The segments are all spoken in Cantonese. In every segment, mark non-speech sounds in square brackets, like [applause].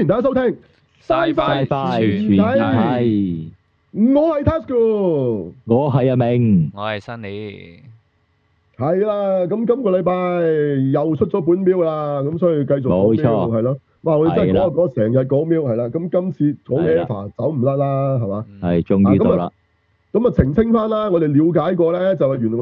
歡迎大家收聽 Sci-Fi 全面睇，係我係 Tasuku，我係阿明，我係 Sunny，係啦。咁今個禮拜又出咗本 MiLK 啦，咁所以繼續冇錯，係咯。哇，我真係講講成日講 MiLK，係啦。咁今次講 EVA 走唔甩啦，係嘛？係，終於到啦。咁啊澄清翻啦，我哋了解過咧，就係原來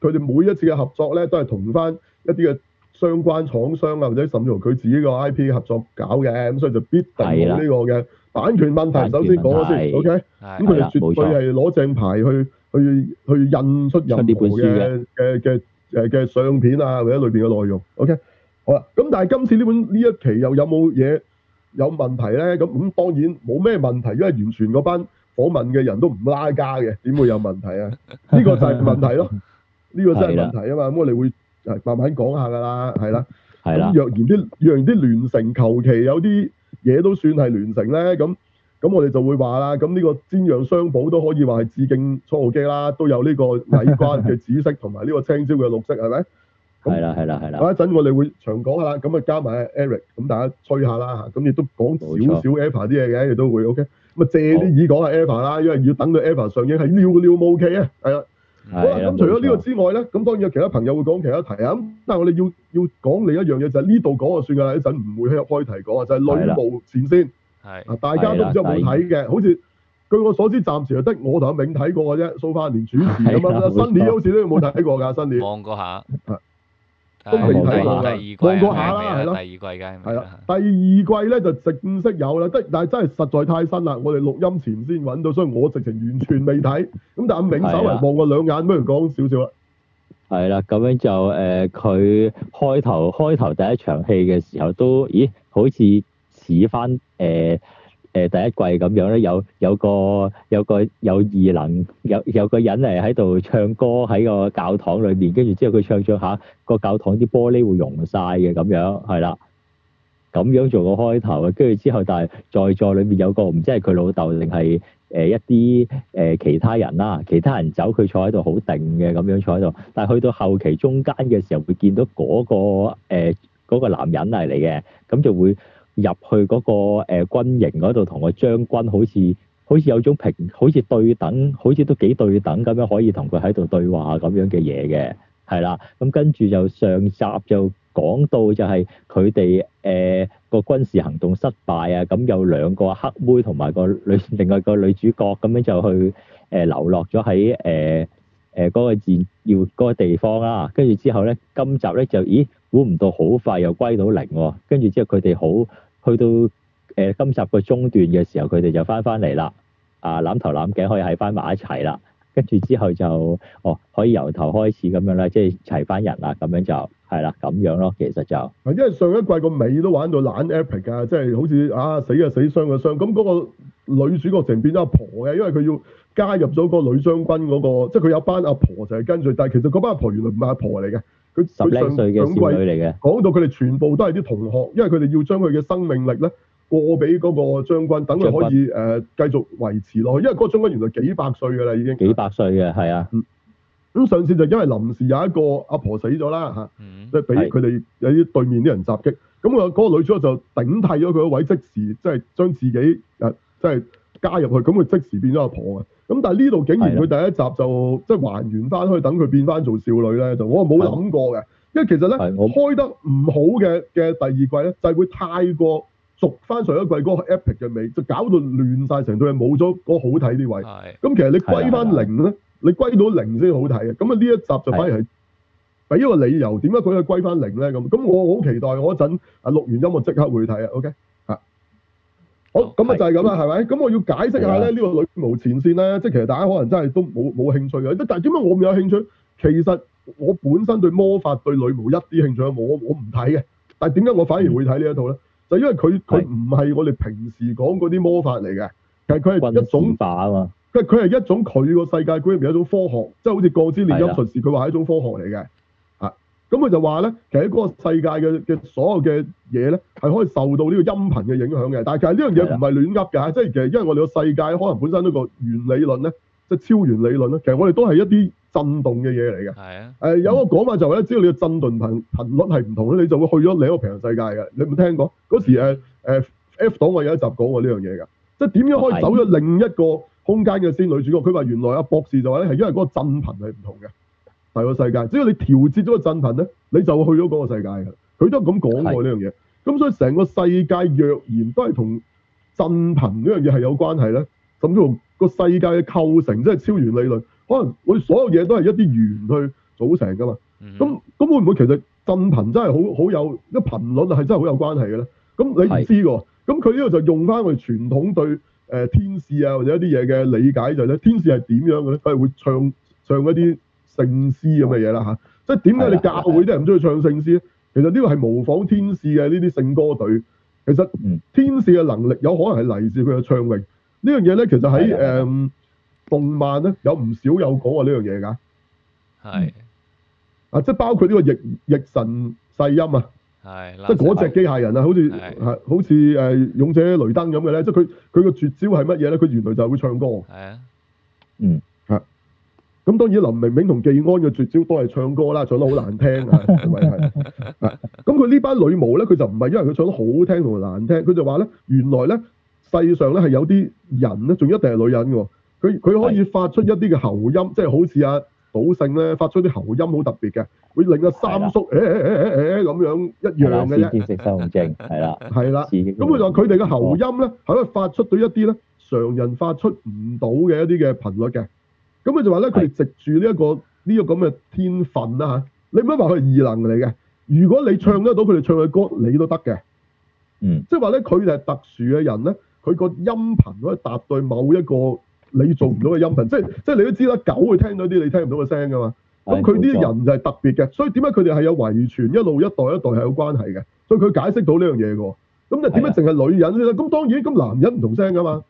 佢哋每一次嘅合作咧，都係同翻一啲嘅。相關廠商啊，或者甚至乎佢自己個 IP 合作搞嘅，咁所以就必定冇呢個嘅版對了 權問題。首先講咗先，OK？咁佢哋絕對係攞正牌去去去印出任何嘅嘅嘅誒嘅相片啊，或者裏邊嘅內容。OK？好啦，咁但係今次呢本呢一期又有冇嘢有，有問題咧？咁咁當然冇咩問題，因為完全嗰班訪問嘅人都唔拉家嘅，點會有問題啊？呢、這個就係問題咯，呢、這個真係問題啊 [laughs] 對了 嘛。咁我哋會。係慢慢講下㗎啦，係啦。咁若然啲若然啲聯乘求其有啲嘢都算係聯乘咧，咁咁我哋就會話啦。咁呢個煎釀雙寶都可以話係致敬初號機啦，都有呢個矮瓜嘅紫色同埋呢個青椒嘅綠色，係咪？係啦係啦係啦。一下一陣我哋會詳講啦，咁啊加埋 Eric，咁大家吹下啦嚇，咁亦都講少少 EVA 啲嘢嘅，亦錯都會 OK a,、哦。咁啊借啲耳講下 EVA 啦，因為要等到 EVA 上映係寥寥無期啊，係啦。好啦，咁、嗯、除咗呢個之外咧，咁當然有其他朋友會講其他題啊。但係我哋要要講另一樣嘢，就係呢度講就算㗎啦，一陣唔會開題講啊。就係《女巫善先》的，係啊，大家都唔知有冇睇嘅。的好似據我所知，暫時就得我同阿銘睇過嘅啫。蘇花蓮主持咁啊的樣，新年好似都冇睇過㗎，新年望過下。 [laughs] 都未睇過，望過下啦，係咯，第二季嘅係啦，第二季咧就正式有啦，即係但係真係實在太新啦，我哋錄音前先揾到，所以我直情完全未睇，咁但阿永稍微望過兩眼，係啦，不如講少少啦。係啦，咁樣就誒，佢、呃、開頭開頭第一場戲嘅時候都，咦，好似似翻誒。呃誒第一季咁樣咧，有有個有個有異能，有有個人嚟喺度唱歌喺個教堂裏面，跟住之後佢唱咗下個教堂啲玻璃會溶晒嘅咁樣，係啦，咁樣做個開頭嘅，跟住之後但係在座裏面有個唔知係佢老豆定係誒一啲誒、呃、其他人啦、啊，其他人走佢坐喺度好定嘅咁樣坐喺度，但係去到後期中間嘅時候會見到嗰、嗰個誒、呃嗰個、男人嚟嚟嘅，咁就會。入去嗰、那個誒、呃、軍營嗰度，同個將軍好似好似有種平，好似對等，好似都幾對等咁樣，可以同佢喺度對話咁樣嘅嘢嘅，係啦。咁、嗯、跟住就上集就講到就係佢哋誒個軍事行動失敗啊，咁、嗯、有兩個黑妹同埋個女，另外個女主角咁樣就去誒、呃、流落咗喺誒。呃誒嗰、呃那個字要嗰、那個、地方啦，跟住之後咧，今集咧就咦估唔到好快又歸到零喎、哦，跟住之後佢哋好去到誒今、呃、集個中段嘅時候，佢哋就翻翻嚟啦，啊攬頭攬頸可以喺翻埋一齊啦，跟住之後就哦可以由頭開始咁樣啦，即係齊翻人啦，咁樣就係啦咁樣咯，其實就因為上一季個尾都玩到懶 epic 啊，即、就、係、是、好似啊死就、啊、死傷、啊，傷就、啊、傷，咁嗰個女主角成變咗阿婆嘅、啊，因為佢要。加入咗個女將軍嗰個，即係佢有班阿婆就係跟住，但係其實嗰班阿婆原來唔係阿婆嚟嘅，佢十零歲嘅少女嚟嘅。講到佢哋全部都係啲同學，因為佢哋要將佢嘅生命力咧過俾嗰個將軍，等佢可以誒繼續維持落去。因為嗰個將軍原來幾百歲㗎啦，已經幾百歲嘅，係啊。咁上次就因為臨時有一個阿婆死咗啦嚇，即係俾佢哋有啲對面啲人襲擊，咁啊嗰個女主角就頂替咗佢一位，即時即係將自己誒即係加入去，咁佢即時變咗阿婆啊。咁但係呢度竟然佢第一集就即係還原翻去，等佢變翻做少女咧，就我冇諗過嘅。的因為其實咧的開得唔好嘅嘅第二季咧，就係、是、會太過熟翻上一季嗰個 epic 嘅味，就搞到亂晒成度，係冇咗嗰好睇啲位。咁其實你歸翻零咧，你歸到零先好睇嘅。咁啊呢一集就反而係俾一個理由，點解佢要歸翻零咧？咁咁我好期待，我一陣啊錄完音樂我即刻會睇啊，OK。好咁啊，就係咁啦，係咪？咁我要解釋下咧，呢個女巫前線咧，即係的其實大家可能真係都冇冇興趣嘅。但係點解我唔有興趣？其實我本身對魔法對女巫一啲興趣，都冇，我唔睇嘅。但係點解我反而會睇呢一套咧？嗯、就因為佢佢唔係我哋平時講嗰啲魔法嚟嘅，其實佢係一種打啊嘛。佢佢係一種佢個世界觀入面有一種科學，即係好似鋼之鍊金術師佢話係一種科學嚟嘅。咁佢、嗯、就話咧，其實喺個世界嘅嘅所有嘅嘢咧，係可以受到呢個音頻嘅影響嘅。但係呢樣嘢唔係亂噏嘅，即係其實因為我哋個世界可能本身一個原理論咧，即、就、係、是、超弦理論啦。其實我哋都係一啲震動嘅嘢嚟嘅。係啊的。誒、呃、有個講法就係、是、咧，只要你嘅震動頻頻率係唔同咧，你就會去咗另一個平行世界嘅。你有冇聽過嗰時誒、呃、F 黨我有一集講過呢樣嘢嘅，即係點樣可以走咗另一個空間嘅先？女主角佢話原來阿博士就話咧，係因為嗰個震頻係唔同嘅。大個世界，只要你調節咗個振頻咧，你就去到嗰個世界嘅。佢都係咁講過呢樣嘢。咁所以成個世界若然都係同振頻呢樣嘢係有關係咧，甚至乎個世界嘅構成真係、就是、超弦理論。可能我哋所有嘢都係一啲弦去組成㗎嘛。咁咁、嗯、會唔會其實振頻真係好好有一頻率係真係好有關係嘅咧？咁你唔知喎。咁佢呢個就用翻我哋傳統對誒、呃、天使啊或者一啲嘢嘅理解就係、是、咧，天使係點樣嘅咧？佢係會唱唱一啲。聖詩咁嘅嘢啦嚇，即係點解你教會啲人唔中意唱聖詩咧？其實呢個係模仿天使嘅呢啲聖歌隊。其實天使嘅能力有可能係嚟自佢嘅唱詠呢樣嘢咧。這個、其實喺誒動漫咧有唔少有講過呢樣嘢㗎。係、這、啊、個，即係的包括呢個翼神世音啊，的即係嗰隻機械人的的啊，好似好似誒勇者雷登咁嘅咧。即係佢佢個絕招係乜嘢咧？佢原來就係會唱歌。係啊，嗯。咁當然林明明同技安嘅絕招都係唱歌啦，唱得好難聽啊，係咪係啊？咁佢呢班女巫咧，佢就唔係因為佢唱得好聽同埋難聽，佢 [laughs] [laughs] 就話咧，原來咧世上咧係有啲人咧，仲一定係女人㗎。佢佢可以發出一啲嘅喉音，即係好似阿賭聖咧發出啲喉音好特別嘅，會令阿三叔誒誒誒誒誒咁樣一樣嘅啫。先見識三重係啦，係啦，咁佢就話佢哋嘅喉音咧係可以發出到一啲咧常人發出唔到嘅一啲嘅頻率嘅。咁佢就話咧，佢哋藉住呢一個呢、呢個咁嘅天分啦嚇、啊，你唔好話佢係異能嚟嘅。如果你唱得到佢哋唱嘅歌，你都得嘅。嗯，即係話咧，佢哋係特殊嘅人咧，佢個音頻可以達到某一個你做唔到嘅音頻。嗯、即係即係你都知啦，狗會聽到啲你聽唔到嘅聲噶嘛。咁佢啲人就係特別嘅，所以點解佢哋係有遺傳，一路一代一代係有關係嘅，所以佢解釋到呢樣嘢嘅。咁就點解淨係女人咧？咁、哎、呀當然，咁男人唔同聲噶嘛。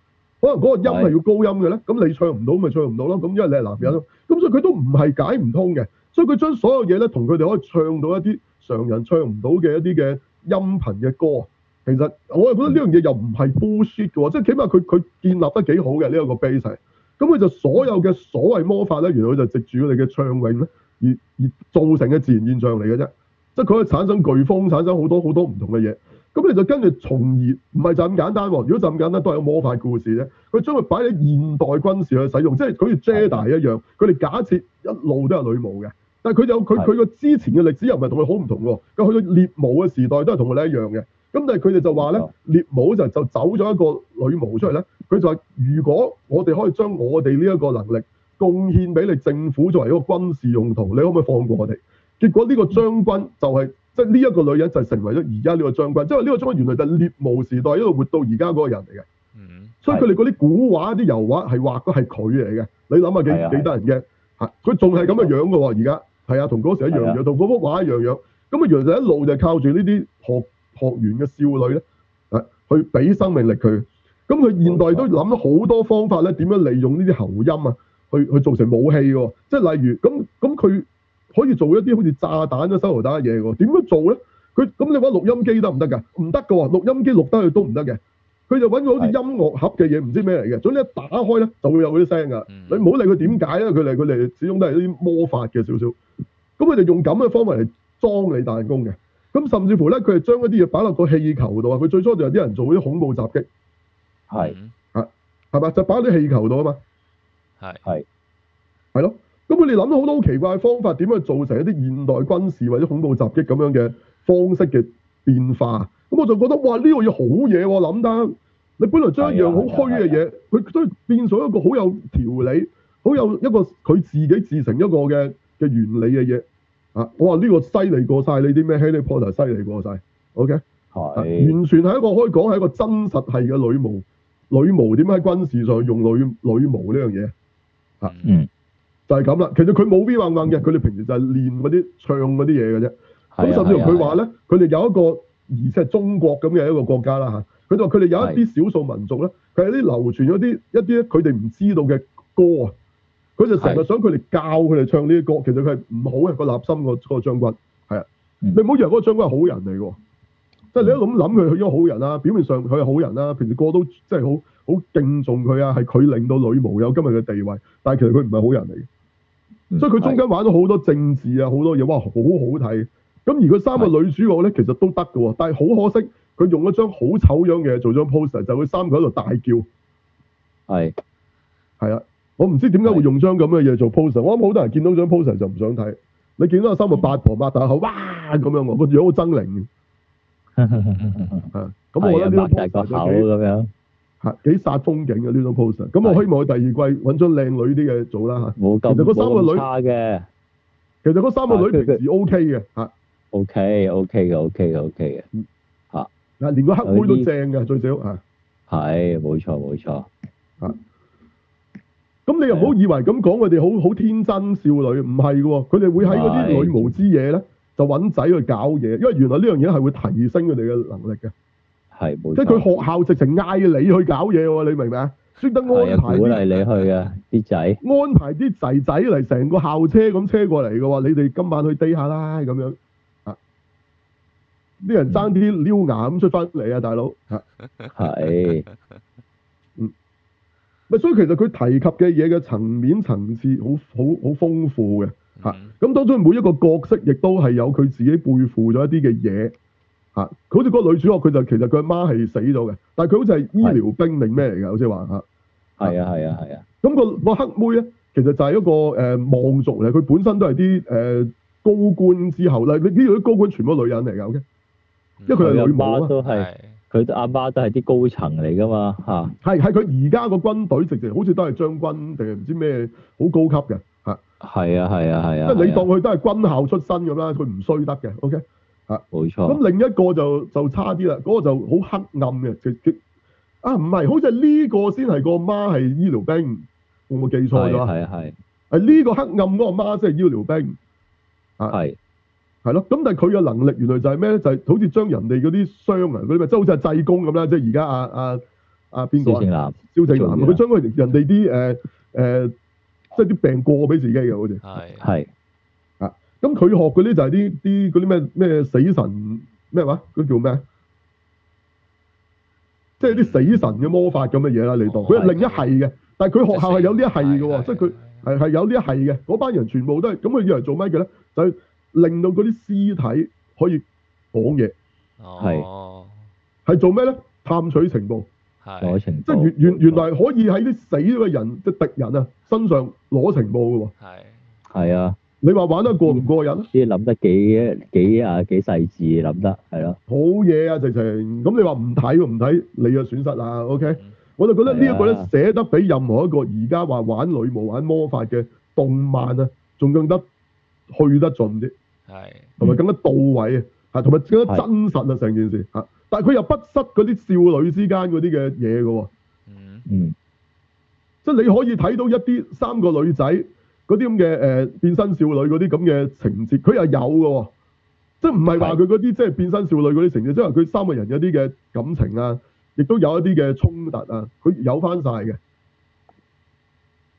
可能嗰個音係要高音嘅咧，咁你唱唔到，到，咪唱唔到咯。咁因為你係男人，咁、嗯、所以佢都唔係解唔通嘅。所以佢將所有嘢咧，同佢哋可以唱到一啲常人唱唔到嘅一啲嘅音頻嘅歌。其實我又覺得呢樣嘢又唔係 bullshit 嘅喎，嗯、即係起碼佢佢建立得幾好嘅呢一個 basis 咁佢就所有嘅所謂魔法咧，原來就藉住佢哋嘅唱詠咧，而而造成嘅自然現象嚟嘅啫。即係佢可以產生颶風，產生好多好多唔同嘅嘢。咁你就跟住從而唔係就咁簡單喎。如果就咁簡單，都係有魔法故事咧。佢將佢擺喺現代軍事去使用，即係佢似遮大一樣。佢哋假設一路都係女巫嘅，但係佢有佢佢個之前嘅歷史又唔係同佢好唔同喎。咁去到獵巫嘅時代都係同佢哋一樣嘅。咁但係佢哋就話咧，獵巫的就是、就走咗一個女巫出嚟咧。佢就話：如果我哋可以將我哋呢一個能力貢獻俾你政府作為一個軍事用途，你可唔可以放過我哋？結果呢個將軍就係、是。嗯即係呢一個女人就成為咗而家呢個將軍，即係呢個將軍原來就獵巫時代一路活到而家嗰個人嚟嘅。嗯。所以佢哋嗰啲古畫、啲油畫係畫都係佢嚟嘅。你諗下幾幾得人驚？嚇的！佢仲係咁嘅樣㗎喎，而家係啊，同嗰時一樣的時一樣，同嗰幅畫一樣一樣。咁啊，原來就一路就靠住呢啲學學員嘅少女咧，誒，去俾生命力佢。咁佢現代都諗好多方法咧，點樣利用呢啲喉音啊，去去做成武器喎。即係例如咁咁佢。可以做一啲好似炸彈、咁收留彈嘅嘢喎？點樣做咧？佢咁你話錄音機得唔得㗎？唔得嘅喎，錄音機錄得佢都唔得嘅。佢就揾個好似音樂盒嘅嘢，唔知咩嚟嘅。總之一打開咧，就會有嗰啲聲㗎。嗯、你唔好理佢點解啦，佢嚟佢嚟，始終都係啲魔法嘅少少。咁佢哋用咁嘅方法嚟裝你彈弓嘅。咁甚至乎咧，佢係將一啲嘢擺落個氣球度啊！佢最初就有啲人做啲恐怖襲擊，係、嗯、啊，係嘛？就擺喺氣球度啊嘛，係係係咯。根本你諗到好多好奇怪嘅方法，點樣做成一啲現代軍事或者恐怖襲擊咁樣嘅方式嘅變化？咁我就覺得哇，呢個嘢好嘢喎！我諗得你本來將一樣好虛嘅嘢，佢都變咗一個好有條理、好有一個佢自己自成一個嘅嘅原理嘅嘢啊！我話呢個犀利過晒，你啲咩 Harry Potter，犀利過晒 OK，的、啊、完全係一個可以講係一個真實係嘅女巫。女巫點樣喺軍事上用女女巫呢樣嘢啊？嗯。就係咁啦，其實佢冇逼硬硬嘅，佢哋平時就係練嗰啲唱嗰啲嘢嘅啫。咁 [noise] 甚至乎佢話咧，佢哋 [noise] 有一個而且係中國咁嘅一個國家啦嚇。佢就話佢哋有一啲少數民族咧，佢係啲流傳咗啲一啲佢哋唔知道嘅歌啊。佢就成日想佢哋教佢哋唱呢啲歌，其實佢係唔好嘅個立心個嗰個將軍。係啊， [noise] 你唔好以為嗰個將軍係好人嚟嘅，即係 [noise] 你一咁諗佢係一好人啊，表面上佢係好人啊，平時個都即係好好敬重佢啊，係佢令到女巫有今日嘅地位，但係其實佢唔係好人嚟嘅。所以佢中間玩咗好多政治啊，好多嘢，哇，好好睇。咁而嗰三個女主角咧，的其實都得嘅，但係好可惜，佢用一張好醜樣嘅做張 poster，就會三個喺度大叫。係的，係啊，我唔知點解會用張咁嘅嘢做 poster，的我諗好多人見到張 poster 就唔想睇。你見到有三個八婆擘大的口，哇咁樣，個樣好猙獰。係啊， [laughs] 擘大個口咁樣。係幾殺風景嘅呢種 post 咁我希望佢第二季揾張靚女啲嘅做啦吓。冇咁冇咁差嘅。其實嗰三個女,其實三個女平時 O K 嘅嚇。O K O K 嘅，O K 嘅，O K 嘅。嚇。啊！連個黑妹都正㗎最少嚇。係冇錯冇錯。錯啊！咁你又唔好以為咁講佢哋好好天真少女，唔係嘅喎，佢哋會喺嗰啲女巫之夜咧，就揾仔去搞嘢，因為原來呢樣嘢係會提升佢哋嘅能力嘅。即係佢學校直情嗌你去搞嘢喎，你明唔明啊？專登安排，鼓勵你去啊！啲仔安排啲仔仔嚟，成個校車咁車過嚟嘅喎。你哋今晚去低下啦，咁樣啊！啲人爭啲撩眼咁出翻嚟啊，嗯、大佬啊，係 [laughs] [laughs] 嗯咪，所以其實佢提及嘅嘢嘅層面層次好好好豐富嘅嚇。咁、嗯啊、當中每一個角色亦都係有佢自己背負咗一啲嘅嘢。嚇！佢好似嗰個女主角，佢就其實佢阿媽係死咗嘅，但係佢好似係醫療兵定咩嚟㗎？好似話嚇。係啊係啊係啊！咁個個黑妹咧，其實就係一個誒望族嚟，佢本身都係啲誒高官之後啦。你呢度啲高官全部女人嚟㗎，O K？因為佢係女模都係佢阿媽都係啲高層嚟㗎嘛嚇。係係，佢而家個軍隊直情好似都係將軍定係唔知咩好高級嘅嚇。係啊係啊係啊！即係你當佢都係軍校出身咁啦，佢唔衰得嘅，O K？冇錯。咁另一個就就差啲啦，嗰、那個就好黑暗嘅，即即啊，唔、啊、係，好似呢個先係個媽係醫療兵，會唔會記錯咗啊，係啊係，係呢個黑暗嗰個媽先係醫療兵，係係是、啊、咯。咁但係佢嘅能力原來就係咩咧？就係、是、好似將人哋嗰啲傷啊，佢咪即係好似係濟公咁啦，即係而家阿阿阿邊個？蕭正楠。蕭正楠，佢將佢人哋啲誒誒，即係啲病過俾自己嘅，好似係係。是咁佢學嗰啲就係啲啲啲咩咩死神咩話？嗰叫咩啊？即係啲死神嘅魔法咁嘅嘢啦，你當佢係另一系嘅，但係佢學校係有呢一係嘅喎，的即係佢係係有呢一係嘅。嗰班的人全部都係咁，佢以為做咩嘅咧？就係、令到嗰啲屍體可以講嘢，係係、哦、做咩咧？探取情報、攞的情報，報即，即係原原原來可以喺啲死咗嘅人即係敵人啊身上攞情報嘅喎，係係啊。嗯你話玩得過唔過癮？啲諗得幾幾啊幾細緻，諗得係啊，好嘢啊，直情咁你話唔睇唔睇，你嘅損失啦，OK、嗯。我就覺得呢一個咧寫得比任何一個而家話玩女巫、玩魔法嘅動漫啊，仲更加去得盡啲，係同埋更加到位啊，嚇同埋更加真實啊，成、嗯、件事嚇。但係佢又不失嗰啲少女之間嗰啲嘅嘢嘅喎，嗯嗯，即係你可以睇到一啲三個女仔。嗰啲咁嘅誒變身少女嗰啲咁嘅情節，佢又有嘅喎、哦，即係唔係話佢嗰啲即係變身少女嗰啲情節，即係佢三個人有啲嘅感情啊，亦都有一啲嘅衝突啊，佢有翻晒嘅，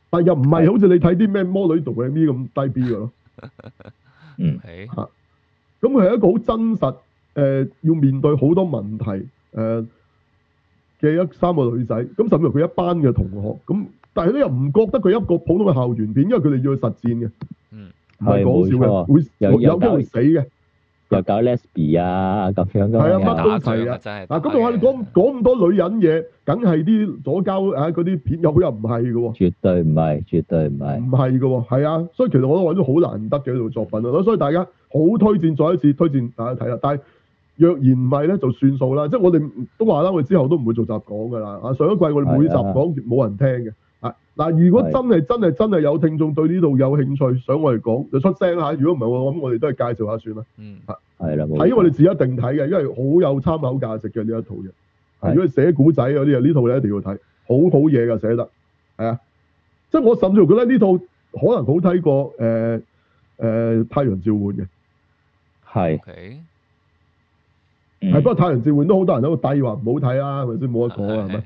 但又唔係好似你睇啲咩魔女同嘅啲咁低 B 嘅咯。 [laughs] 嗯，咁佢係一個好真實誒、呃，要面對好多問題誒嘅、呃、一三個女仔，咁甚至乎佢一班嘅同學咁。嗯。但係佢哋又唔覺得佢一個普通嘅校園片，因為佢哋要去實戰嘅，唔係講笑嘅，會有機會死嘅，又搞 lesbian 啊，咁樣都係打場啊，真係啊。咁我話你講講咁多女人嘢，梗係啲左交啊嗰啲片有好又唔係嘅喎，絕對唔係，絕對唔係，唔係嘅喎，係啊，所以其實我都揾到好難得嘅呢套作品啊，所以大家好推薦再一次推薦大家睇啦。但係若然唔係咧，就算數啦，即係我哋都話啦，我哋之後都唔會做集講嘅啦。啊上一季我哋每集講冇人聽嘅。嗱，如果真係真係真係有聽眾對呢套有興趣想我哋講，就出聲下。如果唔係，我諗我哋都係介紹下算啦。嗯，係啦係，睇我哋自己一定睇嘅，因為好有參考價值嘅呢一套嘢。係嘅如果寫古仔嗰啲啊，呢套你一定要睇，好好嘢㗎，寫得係啊！即係我甚至覺得呢套可能好睇過誒誒、呃呃《太陽召喚》嘅係。係 Okay。係。係不過《太陽召喚》都好多人喺度低話唔好睇啊，係咪先？冇得講啊，係咪？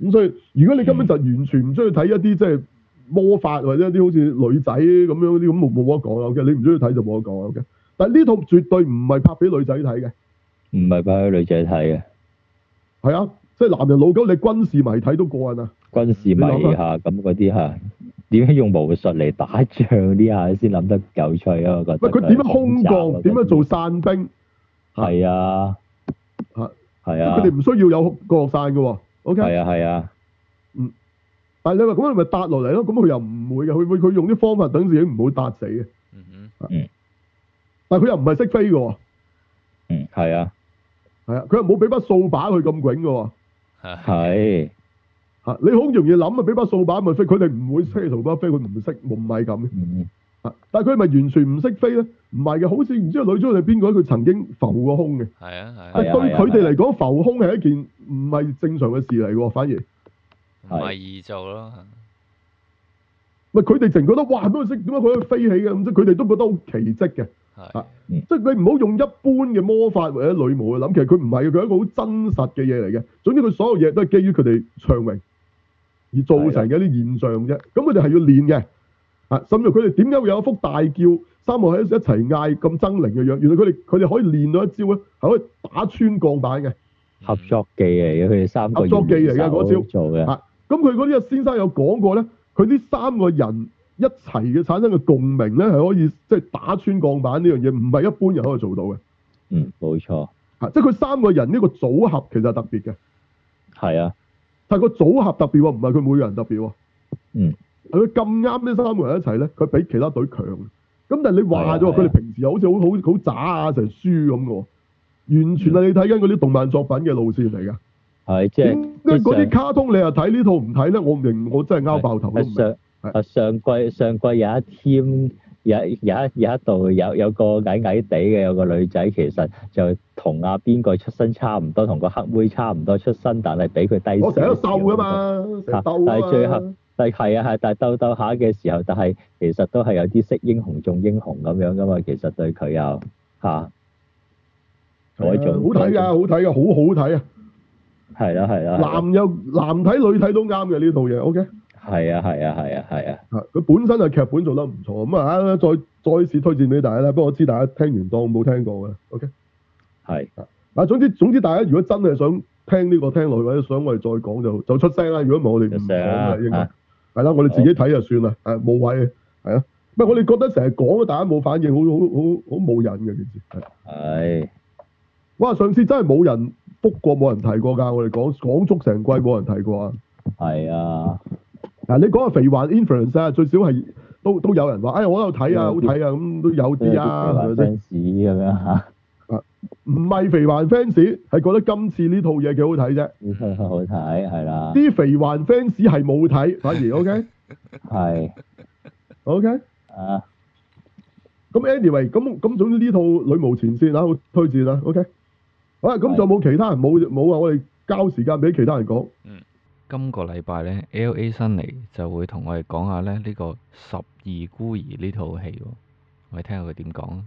咁所以，如果你根本就完全唔中意睇一啲即係魔法或者一啲好似女仔咁樣啲，咁冇冇得講 O K，你唔中意睇就冇得講 O K，但呢套絕對唔係拍俾女仔睇嘅，唔係拍俾女仔睇嘅，係啊，即係男人老狗，你軍事迷睇都過癮啊，軍事迷嚇咁嗰啲嚇，點樣用巫術嚟打仗呢下先諗得有趣啊？我覺得喂，佢點樣空降？點樣做散兵？係啊，係啊，佢哋唔需要有降落傘嘅喎。係啊係啊，啊嗯，但係你話咁樣咪搭落嚟咯，咁佢又唔會嘅，佢會佢用啲方法等自己唔好搭死嘅，嗯哼，嗯，啊、但係佢又唔係識飛嘅，嗯，係啊，係啊，佢又冇俾把掃把佢咁勁嘅，係、啊，吓、啊、你好容易諗啊，俾把掃把咪飛，佢哋唔會飛同巴飛，佢唔識，唔係咁但係佢係咪完全唔識飛咧？唔係嘅，好似唔知個女主係邊個，佢曾經浮過空嘅。係啊係。誒、啊，對佢哋嚟講，啊啊、浮空係一件唔係正常嘅事嚟喎，反而唔係易做咯。唔係佢哋淨覺得哇都識點解佢可以飛起嘅咁，即佢哋都覺得好奇蹟嘅。係、啊啊、即係你唔好用一般嘅魔法或者女巫去諗，其實佢唔係佢係一個好真實嘅嘢嚟嘅。總之佢所有嘢都係基於佢哋暢榮而造成嘅一啲現象啫。咁佢哋係要練嘅。啊！甚至佢哋點解會有一幅大叫三個人一齊嗌咁猙獰嘅樣？原來佢哋佢哋可以練到一招咧，係可以打穿鋼板嘅合作技嚟嘅。佢哋三合作技嚟嘅嗰招，做嘅、嗯。啊！咁佢嗰啲先生有講過咧，佢呢三個人一齊嘅產生嘅共鳴咧，係可以即係打穿鋼板呢樣嘢，唔係一般人可以做到嘅。嗯，冇錯。啊！即係佢三個人呢個組合其實係特別嘅。係啊，但係個組合特別喎，唔係佢每個人特別喎。嗯。佢咁啱呢三個人一齊咧，佢比其他隊強。咁但係你話咗，佢哋的平時好似好好好渣啊，成輸咁嘅喎。完全係你睇緊嗰啲動漫作品嘅路線嚟㗎。係即係，嗰啲卡通的你又睇呢套唔睇咧？我唔認，我真係拗爆頭。上係上季上季有一 t 有有有一度有有個矮矮地嘅有個女仔，其實就同阿邊個出身差唔多，同個黑妹差唔多出身，但係比佢低。我成日都瘦㗎嘛，啊、嘛但係最後，但係係啊係，但係鬥鬥下嘅時候，但係其實都係有啲識英雄重英雄咁樣㗎嘛。其實對佢又嚇改進。好睇啊！好睇啊！好好睇啊！係啦係啦。男有男睇，女睇都啱嘅呢套嘢。OK。係啊，係啊，係啊，係啊。佢本身係劇本做得唔錯咁啊，再再次推薦俾大家啦。不過我知大家聽完當冇聽過嘅，OK？係啊。嗱，總之總之，大家如果真係想聽呢個聽落去，或者想我哋再講就就出聲啦。如果唔係我哋唔講應該係啦。我哋自己睇就算啦。冇位係啊。不過我哋覺得成日講啊，大家冇反應，好好好好冇癮嘅，其實係。係啊。哇！上次真係冇人覆過，冇人提過㗎。我哋講講足成季，冇人提過 [laughs] 啊。係啊。嗱，你講個肥環 influence 啊，最少係都都有人話，哎我都有睇啊，好睇啊，咁都有啲啊 fans 咁樣吓，啊唔係肥環 fans 係覺得今次呢套嘢幾好睇啫，好睇係啦，啲肥環 fans 係冇睇反而 OK 係 OK 啊，咁 Anyway 咁咁總之呢套女巫前線啊好推薦啊 OK，好啦咁仲有冇其他人冇冇啊，我哋交時間俾其他人講嗯。今個禮拜咧，L.A. 辛尼就會同我哋講下咧、這、呢個《十二孤兒》呢套戲喎，我哋聽下佢點講啊！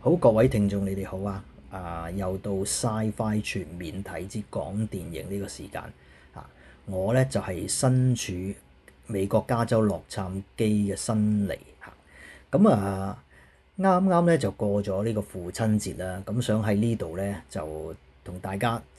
好，各位聽眾，你哋好啊！啊，又到 Sci-Fi 全面睇之講電影呢個時間啊！我咧就係、是、身處美國加州洛杉磯嘅辛尼嚇，咁啊啱啱咧就過咗呢個父親節啦，咁、啊、想喺呢度咧就同大家～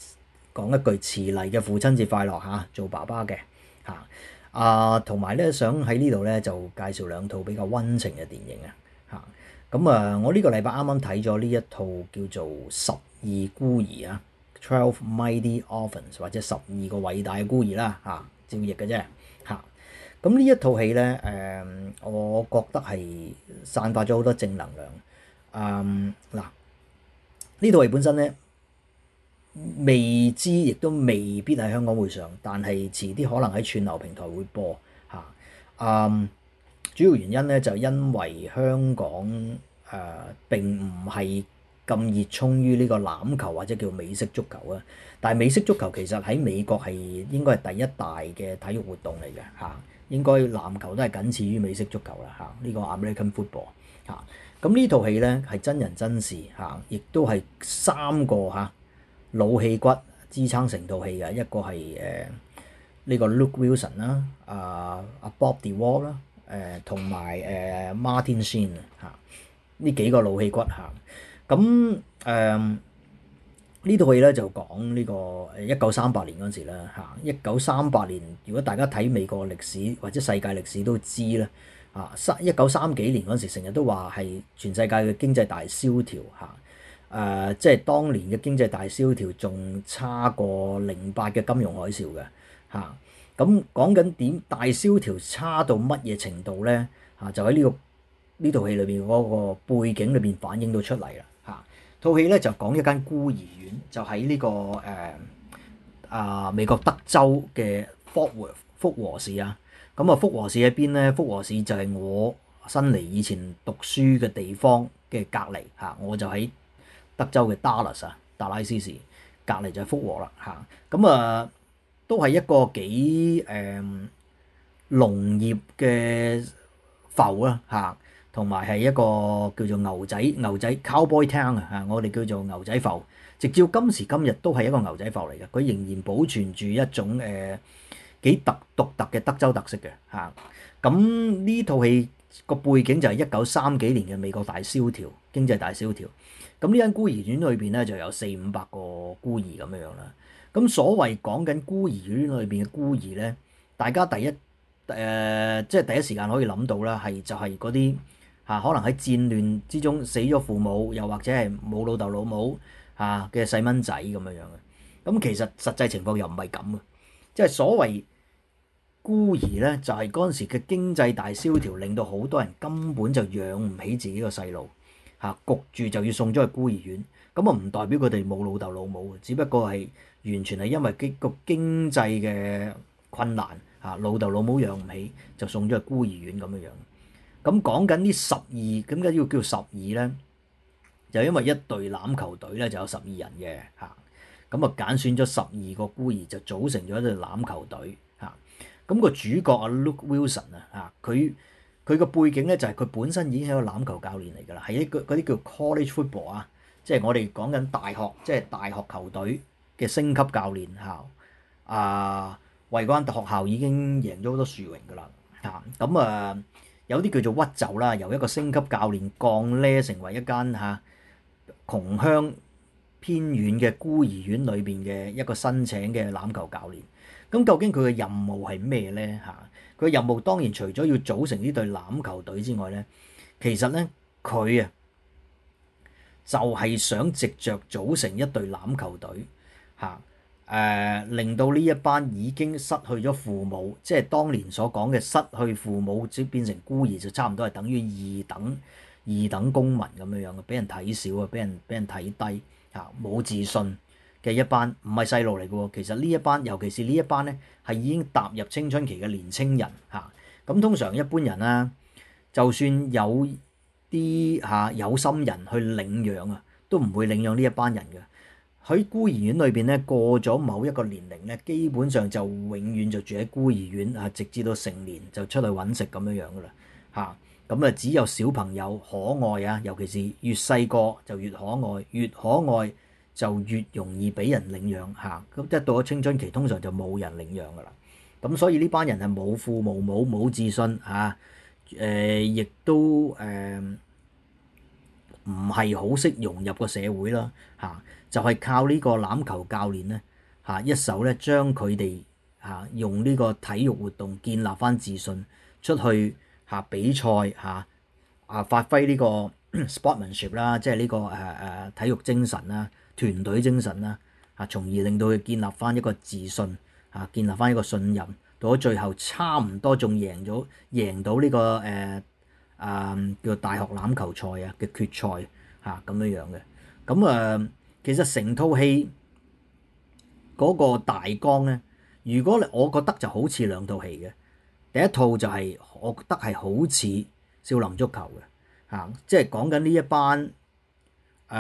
講一句遲嚟嘅父親節快樂嚇、啊，做爸爸嘅嚇啊，同埋咧想喺呢度咧就介紹兩套比較溫情嘅電影啊嚇。咁啊，我呢個禮拜啱啱睇咗呢一套叫做《十二孤兒》啊，《Twelve Mighty Orphans》或者十二個偉大嘅孤兒啦嚇、啊，照譯嘅啫嚇。咁、啊、呢一套戲咧誒、呃，我覺得係散發咗好多正能量。嗯、啊，嗱，呢套戲本身咧。未知亦都未必喺香港會上，但係遲啲可能喺串流平台會播嚇。嗯、啊，主要原因咧就是、因為香港誒、啊、並唔係咁熱衷於呢個籃球或者叫美式足球啊。但係美式足球其實喺美國係應該係第一大嘅體育活動嚟嘅嚇。應該籃球都係僅次於美式足球啦嚇。啊呢個 American Football，啊啊、呢 a NBA f o o t l l 播咁呢套戲咧係真人真事嚇、啊，亦都係三個嚇。啊老戲骨支撐成套戲嘅一、呃這個係誒呢個 Luke Wilson 啦，啊阿 Bob Duvall 啦，誒同埋誒 Martin Sheen 啊，呢、啊 uh, 啊、幾個老戲骨、啊嗯、戲骨嚇。咁誒呢套戲咧就講呢個一九三八年嗰陣時啦嚇，一九三八年如果大家睇美國歷史或者世界歷史都知啦，嚇三一九三幾年嗰陣時成日都話係全世界嘅經濟大蕭條嚇。啊誒，即係當年嘅經濟大蕭條，仲差過零八嘅金融海嘯嘅嚇。咁講緊點大蕭條差到乜嘢程度咧？嚇就喺呢、呢個呢套戲裏邊嗰個背景裏邊反映到出嚟啦嚇。套、啊、戲咧就講一間孤兒院，就喺呢、呢個誒啊，啊美國德州嘅福、福和市啊。咁啊福和市喺邊咧？福和市就係我新嚟以前讀書嘅地方嘅隔離嚇、啊，我就喺。德州嘅 Dallas 啊，達拉斯市隔離就係福和啦嚇，咁啊都係一個幾誒農業嘅埠啊嚇，同埋係一個叫做牛仔牛仔 Cowboy Town 啊，我哋叫做牛仔埠，直至今時今日都係一個牛仔埠嚟嘅，佢仍然保存住一種誒幾特獨特嘅德州特色嘅嚇，咁呢套戲，個背景就係一九三幾年嘅美國大蕭條，經濟大蕭條。咁呢間孤兒院裏邊咧就有四五百個孤兒咁樣樣啦。咁所謂講緊孤兒院裏邊嘅孤兒咧，大家第一誒、呃、即係第一時間可以諗到啦，係就係嗰啲嚇可能喺戰亂之中死咗父母，又或者係冇老豆老母嚇嘅細蚊仔咁樣樣嘅。咁其實實際情況又唔係咁嘅，即係所謂。孤兒咧就係嗰陣時嘅經濟大蕭條，令到好多人根本就養唔起自己個細路，嚇焗住就要送咗去孤兒院。咁啊唔代表佢哋冇老豆老母啊，只不過係完全係因為個經濟嘅困難嚇，老豆老母養唔起，就送咗去孤兒院咁樣樣。咁講緊呢十二，點解要叫十二咧？就因為一隊欖球隊咧就有十二人嘅嚇，咁啊揀選咗十二個孤兒就組成咗一隊欖球隊。咁個主角阿 Luke Wilson 啊，嚇佢佢個背景咧就係佢本身已經係個欖球教練嚟噶啦，係一個嗰啲叫 college football 啊，即係我哋講緊大學，即、就、係、是、大學球隊嘅升級教練嚇，啊為嗰間學校已經贏咗好多殊榮噶啦嚇，咁啊，啊有啲叫做屈就啦，由一個升級教練降呢成為一間嚇、啊、窮鄉偏遠嘅孤兒院裏邊嘅一個新請嘅欖球教練。咁究竟佢嘅任務係咩咧？嚇，佢嘅任務當然除咗要組成呢隊籃球隊之外咧，其實咧佢啊就係想藉着組成一隊籃球隊嚇，誒令到呢一班已經失去咗父母，即係當年所講嘅失去父母即變成孤兒，就差唔多係等於二等二等公民咁樣樣嘅，俾人睇少啊，俾人俾人睇低嚇，冇自信。嘅一班唔係細路嚟嘅喎，其實呢一班，尤其是呢一班咧，係已經踏入青春期嘅年青人嚇。咁、啊、通常一般人啦，就算有啲嚇、啊、有心人去領養啊，都唔會領養呢一班人嘅。喺孤兒院裏邊咧，過咗某一個年齡咧，基本上就永遠就住喺孤兒院嚇、啊，直至到成年就出去搵食咁樣樣㗎啦嚇。咁啊，啊，只有小朋友可愛啊，尤其是越細個就越可愛，越可愛。就越容易俾人領養嚇。咁一到咗青春期，通常就冇人領養㗎啦。咁所以呢班人係冇父母冇自信嚇。誒，亦都誒唔係好識融入個社會啦嚇。就係靠呢個欖球教練咧嚇一手咧，將佢哋嚇用呢個體育活動建立翻自信，出去嚇比賽嚇啊，發揮呢個 sportsmanship 啦， [coughs] 即係呢個誒誒體育精神啦。團隊精神啦，嚇，從而令到佢建立返一個自信，嚇，建立返一個信任，到咗最後差唔多仲贏咗，贏到呢、這個誒啊、呃、叫做大學籃球賽啊嘅決賽嚇咁樣樣嘅。咁、嗯、啊，其實成套戲嗰個大綱咧，如果我覺得就好似兩套戲嘅，第一套就係、是、我覺得係好似少林足球嘅嚇、嗯，即係講緊呢一班啊。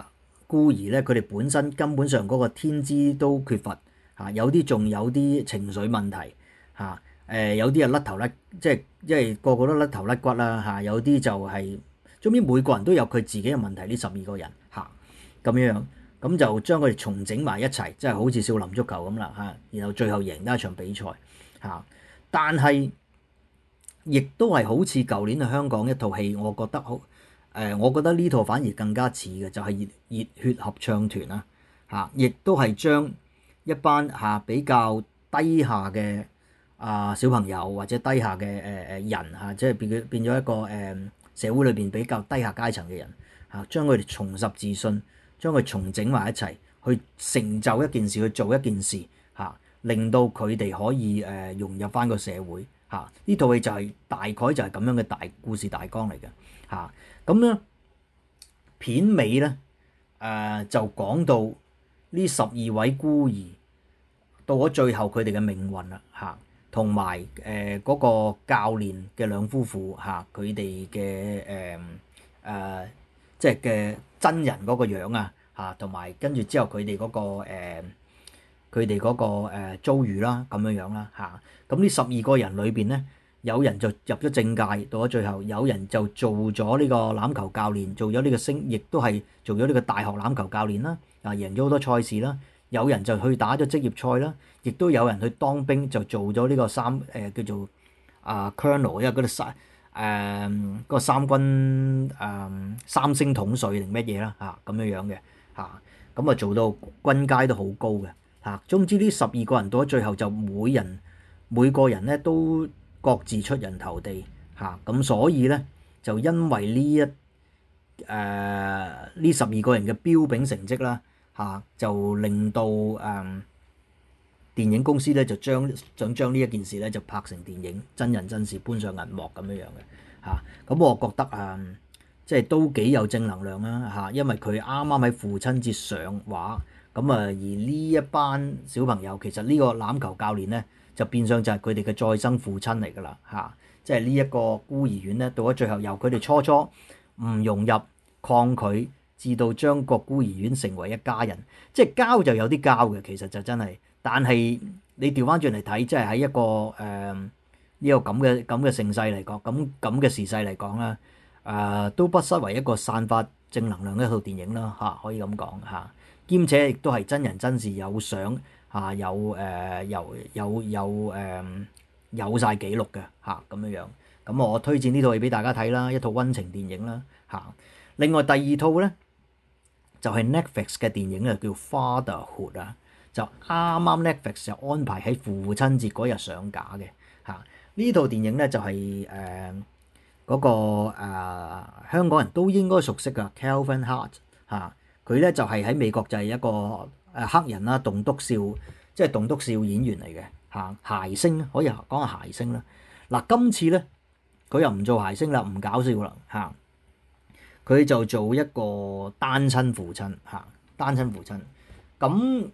呃孤兒咧，佢哋本身根本上嗰個天資都缺乏吓、啊，有啲仲有啲情緒問題吓，誒、啊，有啲啊甩頭甩，即係即係個個都甩頭甩骨啦吓、啊，有啲就係、是，總之每個人都有佢自己嘅問題，呢十二個人吓，咁、啊、樣樣，咁就將佢哋重整埋一齊，即係好似少林足球咁啦吓，然後最後贏得一場比賽吓、啊，但係亦都係好似舊年嘅香港一套戲，我覺得好。誒，我覺得呢套反而更加似嘅就係熱熱血合唱團啦，嚇，亦都係將一班嚇比較低下嘅啊小朋友或者低下嘅誒誒人嚇，即係變變咗一個誒社會裏邊比較低下階層嘅人嚇，將佢哋重拾自信，將佢重整埋一齊，去成就一件事，去做一件事嚇，令到佢哋可以誒融入翻個社會嚇。呢套戲就係大概就係咁樣嘅大故事大綱嚟嘅嚇。咁咧，片尾咧，誒、呃、就講到呢十二位孤兒到咗最後佢哋嘅命運啦，嚇、啊，同埋誒嗰個教練嘅兩夫婦嚇，佢哋嘅誒誒即係嘅真人嗰個樣啊，嚇，同埋跟住之後佢哋嗰個佢哋嗰個遭、呃、遇啦，咁、啊、樣樣啦，嚇、啊，咁呢十二個人裏邊咧。有人就入咗政界，到咗最後；有人就做咗呢個欖球教練，做咗呢個星，亦都係做咗呢個大學欖球教練啦。啊，贏咗好多賽事啦。有人就去打咗職業賽啦，亦都有人去當兵就做咗呢個三誒、呃、叫做啊 Colonel 啊啲三誒嗰個三軍誒、呃、三星統帥定乜嘢啦嚇，咁樣樣嘅嚇，咁啊做到軍階都好高嘅嚇、啊。總之呢十二個人到咗最後就每人每個人咧都。各自出人頭地嚇，咁、啊、所以咧就因為呢一誒呢十二個人嘅標炳成績啦嚇，就令到誒、嗯、電影公司咧就將想將呢一件事咧就拍成電影，真人真事搬上銀幕咁樣樣嘅嚇。咁、啊、我覺得啊，即係都幾有正能量啦嚇、啊，因為佢啱啱喺父親節上畫，咁啊而呢一班小朋友其實呢個欖球教練咧。就變相就係佢哋嘅再生父親嚟㗎啦嚇，即係呢一個孤兒院咧，到咗最後由佢哋初初唔融入抗拒，至到將個孤兒院成為一家人，即係交就有啲交嘅，其實就真係。但係你調翻轉嚟睇，即係喺一個誒呢、呃呢個咁嘅咁嘅盛世嚟講，咁咁嘅時勢嚟講咧，誒、呃、都不失為一個散發正能量嘅一套電影啦嚇、啊，可以咁講嚇。兼、啊、且亦都係真人真事有相。嚇，有誒有有有誒有曬記錄嘅嚇咁樣樣，咁我推薦呢套戲俾大家睇啦，一套溫情電影啦嚇。另外第二套咧就係、是、Netflix 嘅電影咧，叫《Fatherhood》啊，就啱啱 Netflix 就安排喺父親節嗰日上架嘅嚇。呢套電影咧就係誒嗰個、呃、香港人都應該熟悉嘅 Kevin Hart 嚇、啊，佢咧就係、是、喺美國就係一個。誒黑人啦，棟篤笑，即係棟篤笑演員嚟嘅，諧星，可以講下諧星啦。嗱，今次咧，佢又唔做諧星啦，唔搞笑啦，嚇、啊，佢就做一個單親父親嚇、啊，單親父親。咁、啊、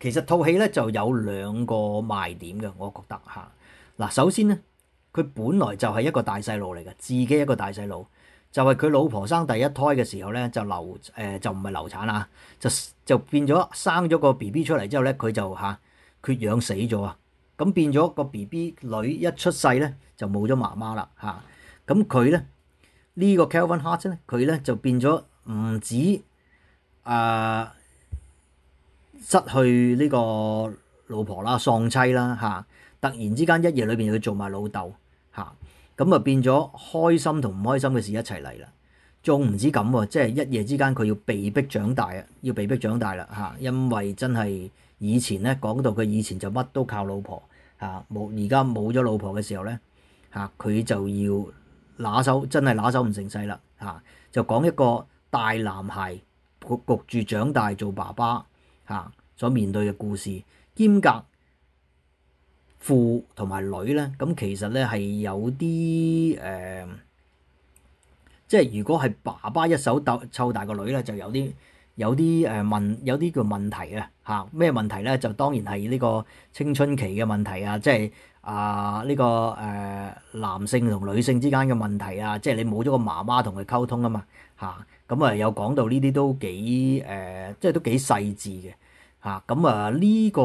其實套戲咧就有兩個賣點嘅，我覺得嚇。嗱、啊，首先咧，佢本來就係一個大細路嚟嘅，自己一個大細路。就係佢老婆生第一胎嘅時候咧，就流誒就唔係流產啦啊，就就變咗生咗個 B B 出嚟之後咧，佢就嚇缺氧死咗啊！咁變咗個 B B 女一出世咧就冇咗媽媽啦嚇，咁佢咧呢、這個 Kelvin Hart 咧佢咧就變咗唔止啊失去呢個老婆啦喪妻啦嚇、啊，突然之間一夜裏邊佢做埋老豆。咁啊變咗開心同唔開心嘅事一齊嚟啦，仲唔止咁喎，即係一夜之間佢要被逼長大啊，要被逼長大啦嚇，因為真係以前咧講到佢以前就乜都靠老婆嚇，冇而家冇咗老婆嘅時候咧嚇，佢就要拿手真係拿手唔成世啦嚇，就講一個大男孩焗住長大做爸爸嚇，所面對嘅故事，兼夾。父同埋女咧，咁其實咧係有啲誒、呃，即係如果係爸爸一手揼湊大個女咧，就有啲有啲誒、呃、問有啲叫問題啊，嚇咩問題咧？就當然係呢個青春期嘅問題啊，即係啊呢、呢個誒、呃、男性同女性之間嘅問題啊，即係你冇咗個媽媽同佢溝通啊嘛嚇，咁啊，又、啊、講、嗯、到呢啲都幾誒、呃，即係都幾細緻嘅嚇，咁啊呢、嗯啊呢個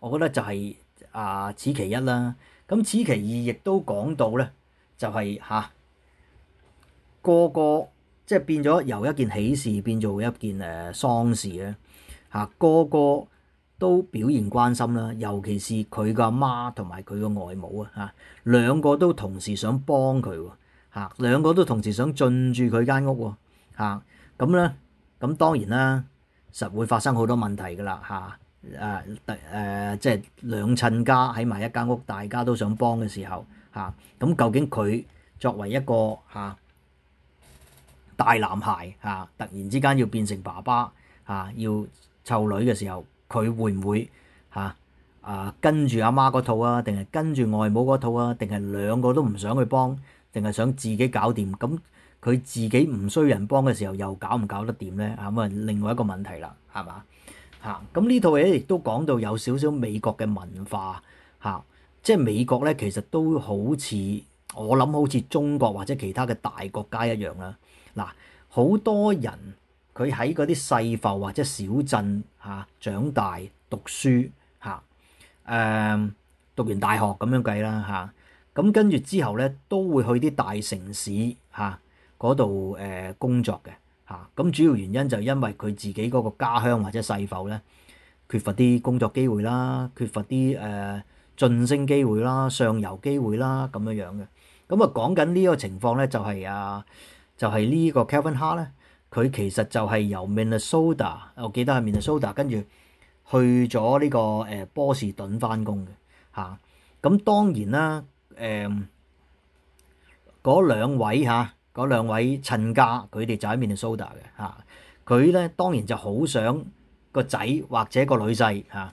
我覺得就係、是。啊，此其一啦。咁此其二，亦都講到咧、就是，就係嚇個個即係變咗由一件喜事變做一件誒喪事咧。嚇個個都表現關心啦，尤其是佢個媽同埋佢個外母啊，嚇兩個都同時想幫佢喎，嚇兩個都同時想進住佢間屋喎，嚇咁咧，咁當然啦，實會發生好多問題㗎喇，嚇。誒特誒即係兩親家喺埋一間屋，大家都想幫嘅時候嚇，咁、啊、究竟佢作為一個嚇、啊、大男孩嚇、啊，突然之間要變成爸爸嚇、啊，要湊女嘅時候，佢會唔會嚇啊跟住阿媽嗰套啊，定、啊、係跟住外母嗰套啊，定係兩個都唔想去幫，定係想自己搞掂？咁、啊、佢自己唔需要人幫嘅時候，又搞唔搞得掂咧？咁啊，另外一個問題啦，係嘛？嚇，咁呢套嘢亦都講到有少少美國嘅文化嚇，即係美國咧，其實都好似我諗好似中國或者其他嘅大國家一樣啦。嗱，好多人佢喺嗰啲細埠或者小鎮嚇長大讀書嚇，誒讀完大學咁樣計啦嚇，咁跟住之後咧都會去啲大城市嚇嗰度誒工作嘅。嚇！咁主要原因就係因為佢自己嗰個家鄉或者細埠咧，缺乏啲工作機會啦，缺乏啲誒、呃、晉升機會啦、上游機會啦咁樣樣嘅。咁啊講緊呢個情況咧，就係啊，就係、是、呢個 Kelvin Ha 咧，佢其實就係由 Minnesota，我記得係 Minnesota，跟住去咗呢、這個誒、呃、波士頓返工嘅嚇。咁、啊嗯、當然啦，誒嗰兩位嚇。啊嗰兩位親家，佢哋就喺面對蘇達嘅嚇，佢、啊、咧當然就好想個仔或者個女婿嚇、啊、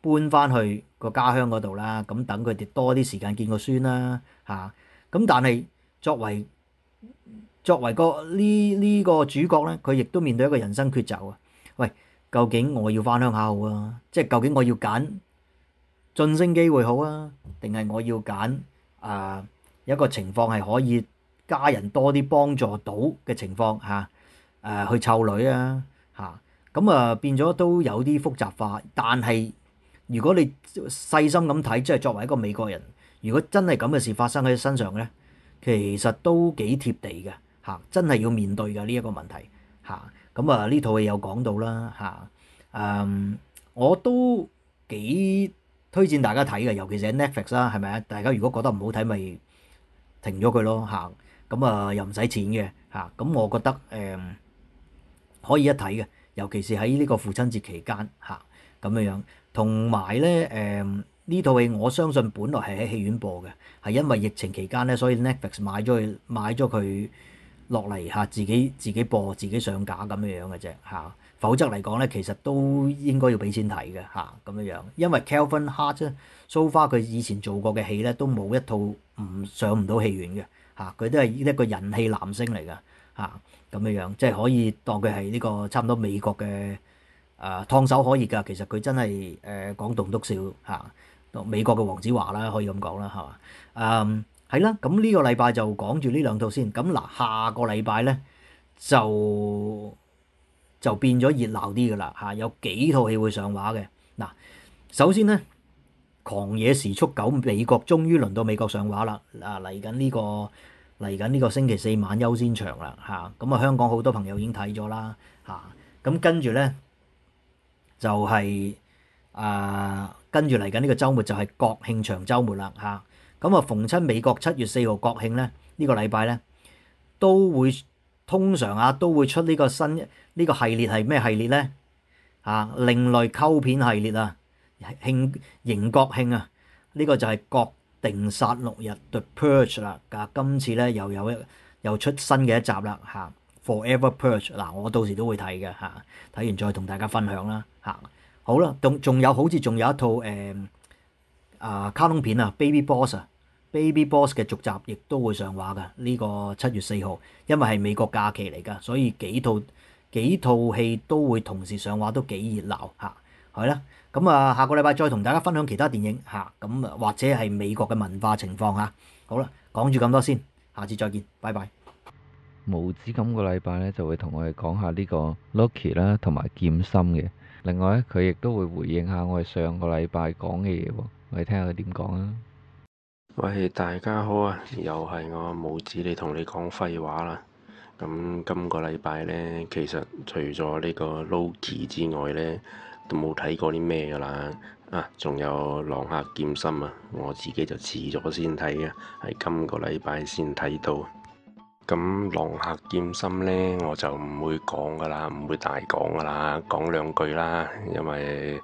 搬翻去個家鄉嗰度啦，咁等佢哋多啲時間見個孫啦嚇。咁、啊啊、但係作為作為、個呢呢個主角咧，佢亦都面對一個人生抉擇啊！喂，究竟我要翻鄉下好啊？即係究竟我要揀晉升機會好啊，定係我要揀啊一個情況係可以家人多啲幫助到嘅情況嚇，誒去湊女啊嚇，咁啊變咗都有啲複雜化。但係如果你細心咁睇，即係作為一個美國人，如果真係咁嘅事發生喺身上咧，其實都幾貼地嘅嚇、啊，真係要面對嘅呢一個問題嚇。咁啊呢套戲有講到啦嚇，誒、啊、我都幾推薦大家睇嘅，尤其是 Netflix 啦，係咪啊？大家如果覺得唔好睇咪停咗佢咯嚇。啊。咁啊，又唔使錢嘅嚇。咁我覺得誒、嗯、可以一睇嘅，尤其是喺呢個父親節期間嚇咁樣樣。同埋咧誒呢套戲，嗯、我相信本來係喺戲院播嘅，係因為疫情期間咧，所以 Netflix 買咗佢買咗佢落嚟嚇，自己自己播自己上架咁樣樣嘅啫嚇。否則嚟講咧，其實都應該要俾錢睇嘅嚇咁樣樣，因為 Kevin Hart 啫 so far 佢以前做過嘅戲咧都冇一套唔上唔到戲院嘅。吓，佢都係一個人氣男星嚟㗎吓，咁樣樣即係可以當佢係呢個差唔多美國嘅誒燙手可熱㗎。其實佢真係誒、呃、講棟篤笑吓、啊，美國嘅黃子華啦，可以咁講、嗯、啦，係嘛？嗯，係啦。咁呢個禮拜就講住呢兩套先。咁嗱，下個禮拜咧就就變咗熱鬧啲㗎啦吓，有幾套戲會上畫嘅。嗱，首先咧。狂野時速九，美國終於輪到美國上畫啦！啊、呢個，嚟緊呢個嚟緊呢個星期四晚優先場啦嚇！咁、嗯、啊，香港好多朋友已經睇咗啦嚇。咁跟住咧就係啊，跟住嚟緊呢、就係嗯、個週末就係國慶長週末啦嚇。咁、嗯、啊、嗯，逢親美國七月四號國慶咧，呢個、呢個禮拜咧都會通常啊都會出呢個新呢、呢個系列係咩系列咧？啊、嗯，另類溝片系列啊！慶迎國慶啊！呢、這個就係國定殺六日 t p e r c h 啦。咁今次咧又有一又出新嘅一集啦嚇。Forever p e r c h 嗱，我到時都會睇嘅嚇。睇完再同大家分享啦嚇。好啦，仲仲有好似仲有一套誒啊卡通片啊 Baby Boss 啊 Baby Boss 嘅續集，亦都會上畫嘅。呢、這個七月四號，因為係美國假期嚟㗎，所以幾套幾套戲都會同時上畫，都幾熱鬧嚇係啦。咁啊，下個禮拜再同大家分享其他電影吓，咁啊或者係美國嘅文化情況吓、啊。好啦，講住咁多先，下次再見，拜拜。毛子今個禮拜呢就會同我哋講下呢個 Loki 啦，同埋劍心嘅。另外呢，佢亦都會回應下我哋上個禮拜講嘅嘢。我哋聽下佢點講啦。喂，大家好啊，又係我毛子嚟同你講廢話啦。咁今個禮拜呢，其實除咗呢個 Loki 之外呢。都冇睇過啲咩噶啦啊！仲有《浪客劍心》啊，我自己就遲咗先睇啊，係今個禮拜先睇到。咁《浪客劍心》呢，我就唔會講噶啦，唔會大講噶啦，講兩句啦。因為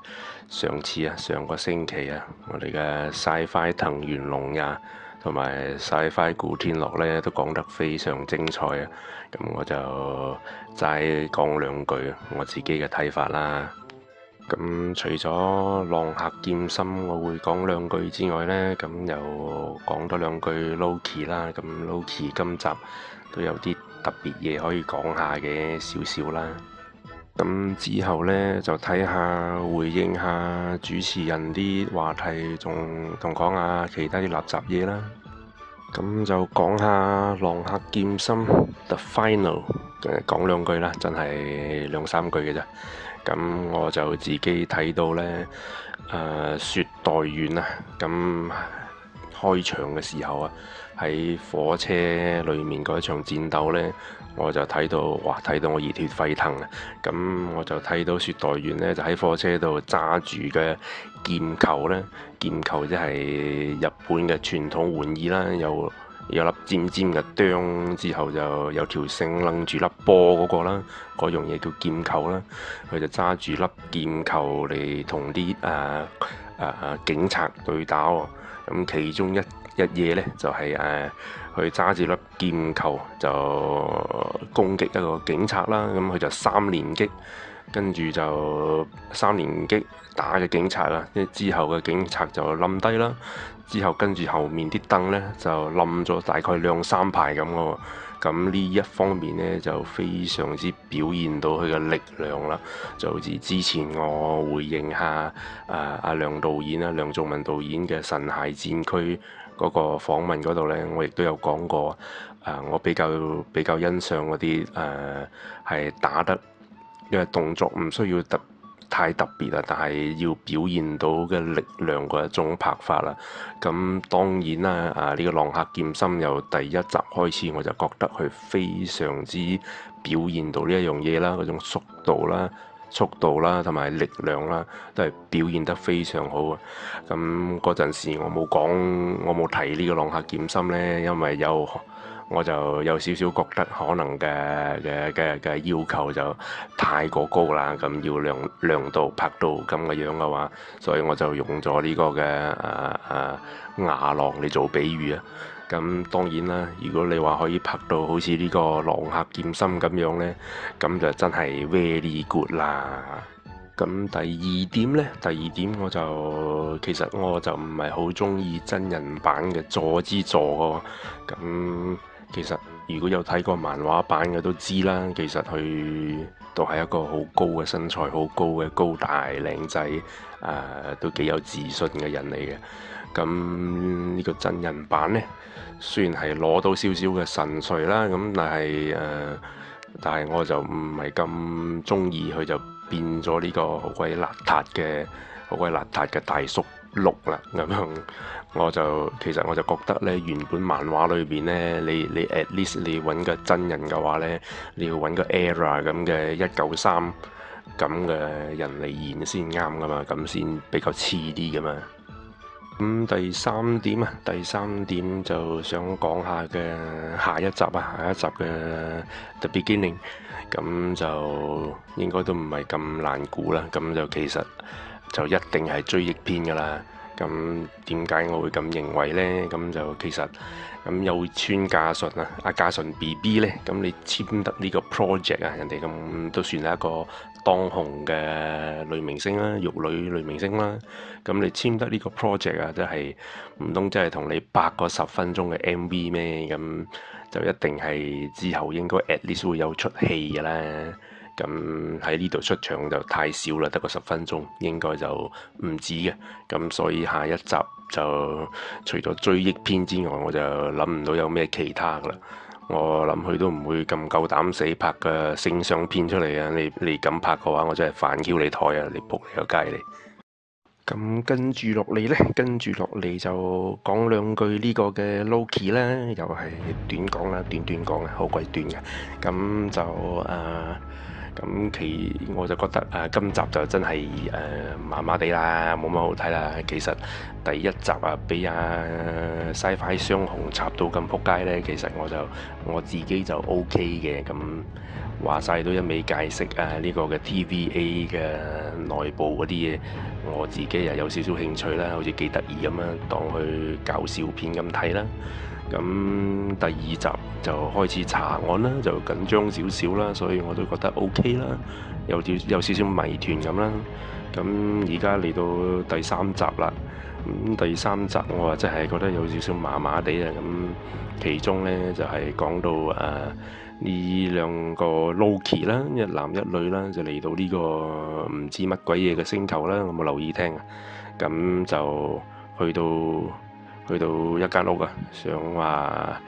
上次啊，上個星期啊，我哋嘅 Sci-Fi 藤原龍也同埋 Sci-Fi 古天樂呢，都講得非常精彩啊。咁我就齋講兩句我自己嘅睇法啦。咁除咗《浪客劍心》，我會講兩句之外呢，咁又講多兩句 Loki 啦。咁 Loki 今集都有啲特別嘢可以講下嘅少少啦。咁之後呢就睇下回應下主持人啲話題，仲同講下其他啲垃圾嘢啦。咁就講下《浪客劍心》The Final，講兩句啦，真係兩三句嘅啫。咁我就自己睇到呢，誒、呃、雪代緣啊，咁開場嘅時候啊，喺火車裏面嗰一場戰鬥咧，我就睇到，哇！睇到我熱血沸騰啊！咁我就睇到雪代緣呢，就喺火車度揸住嘅劍球呢，劍球即係日本嘅傳統玩意啦，又～有粒尖尖嘅釘，之後就有條繩擰住粒波嗰、那個啦，嗰樣嘢叫劍球啦。佢就揸住粒劍球嚟同啲啊啊警察對打喎。咁、啊、其中一一嘢咧，就係、是、誒。啊佢揸住粒劍球就攻擊一個警察啦，咁佢就三連擊，跟住就三連擊打嘅警察啦，即之後嘅警察就冧低啦。之後跟住後面啲燈呢，就冧咗大概兩三排咁咯。咁呢一方面呢，就非常之表現到佢嘅力量啦，就好似之前我回應下誒阿、啊啊、梁導演啊，梁仲文導演嘅《神骸戰區》。嗰個訪問嗰度呢，我亦都有講過。誒、呃，我比較比較欣賞嗰啲誒係打得，因為動作唔需要特太特別啦，但係要表現到嘅力量嗰一種拍法啦。咁當然啦，啊呢、呢個《浪客劍心》由第一集開始，我就覺得佢非常之表現到呢一樣嘢啦，嗰種速度啦。速度啦，同埋力量啦，都係表現得非常好啊！咁嗰陣時我冇講，我冇提呢個浪客劍心呢，因為有我就有少少覺得可能嘅嘅嘅嘅要求就太過高啦，咁要量，量度拍到咁嘅樣嘅話，所以我就用咗呢個嘅誒誒牙狼嚟做比喻啊！咁當然啦，如果你話可以拍到好似呢個《狼客劍心》咁樣呢，咁就真係 very good 啦。咁第二點呢，第二點我就其實我就唔係好中意真人版嘅佐之助喎、哦。咁其實如果有睇過漫畫版嘅都知啦，其實佢都係一個好高嘅身材、好高嘅高大靚仔、呃，都幾有自信嘅人嚟嘅。咁呢個真人版呢？雖然係攞到少少嘅神髓啦，咁但係誒，但係、呃、我就唔係咁中意佢就變咗呢個好鬼邋遢嘅、好鬼邋遢嘅大叔六啦咁樣。我就其實我就覺得呢原本漫畫裏邊呢，你你 at least 你揾個真人嘅話呢，你要揾個 era 咁嘅一九三咁嘅人嚟演先啱㗎嘛，咁先比較似啲噶嘛。咁第三點啊，第三點就想講下嘅下一集啊，下一集嘅 The Beginning，咁就應該都唔係咁難估啦。咁就其實就一定係追憶篇噶啦。咁點解我會咁認為呢？咁就其實咁又會穿嘉順啊，阿嘉順 BB 呢，咁你簽得呢個 project 啊，人哋咁都算係一個。當紅嘅女明星啦，玉女女明星啦，咁你簽得呢個 project 啊，即係唔通即係同你八個十分鐘嘅 MV 咩？咁就一定係之後應該 at least 會有出戲嘅啦。咁喺呢度出場就太少啦，得個十分鐘，應該就唔止嘅。咁所以下一集就除咗追憶篇之外，我就諗唔到有咩其他㗎啦。我諗佢都唔會咁夠膽死拍嘅性相片出嚟啊！你你咁拍嘅話，我真係反撬你台啊！你仆你個街你。咁跟住落嚟呢？跟住落嚟就講兩句呢個嘅 Loki 啦，又係短講啦，短短講啊，好鬼短嘅。咁就誒。咁其我就覺得啊、呃，今集就真係誒麻麻地啦，冇乜好睇啦。其實第一集啊，俾阿 Sci-Fi 雙雄插到咁撲街呢，其實我就我自己就 O K 嘅。咁話晒都一味解釋啊，呢、呢個嘅 T V A 嘅內部嗰啲嘢，我自己又有少少興趣啦，好似幾得意咁樣，當去搞笑片咁睇啦。咁第二集就開始查案啦，就緊張少少啦，所以我都覺得 OK 啦，有少有少少謎團咁啦。咁而家嚟到第三集啦，咁、嗯、第三集我啊真係覺得有少少麻麻地啊。咁其中呢，就係、是、講到誒呢、啊、兩個 Loki 啦，一男一女啦，就嚟到呢個唔知乜鬼嘢嘅星球啦。我冇留意聽、啊，咁就去到。去到一間屋啊，想話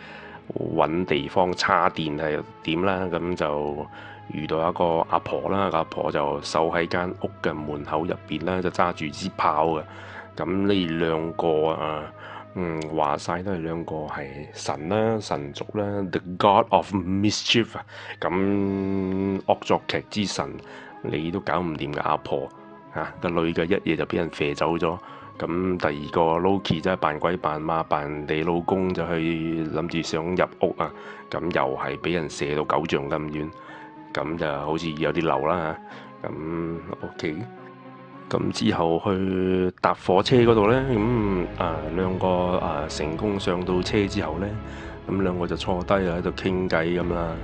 揾地方叉電係點啦，咁就遇到一個阿婆啦，阿婆就守喺間屋嘅門口入邊咧，就揸住支炮嘅。咁呢兩個啊，嗯，話晒都係兩個係神啦，神族啦，The God of Mischief 啊，咁惡作劇之神，你都搞唔掂嘅阿婆啊，個女嘅一夜就俾人射走咗。咁第二個 Loki 真係扮鬼扮馬扮你老公，就去諗住想入屋啊！咁又係俾人射到九丈咁遠，咁、啊、就好似有啲漏啦。咁、啊、OK，咁之後去搭火車嗰度呢，咁啊兩個啊成功上到車之後呢，咁兩個就坐低啦，喺度傾偈咁啦。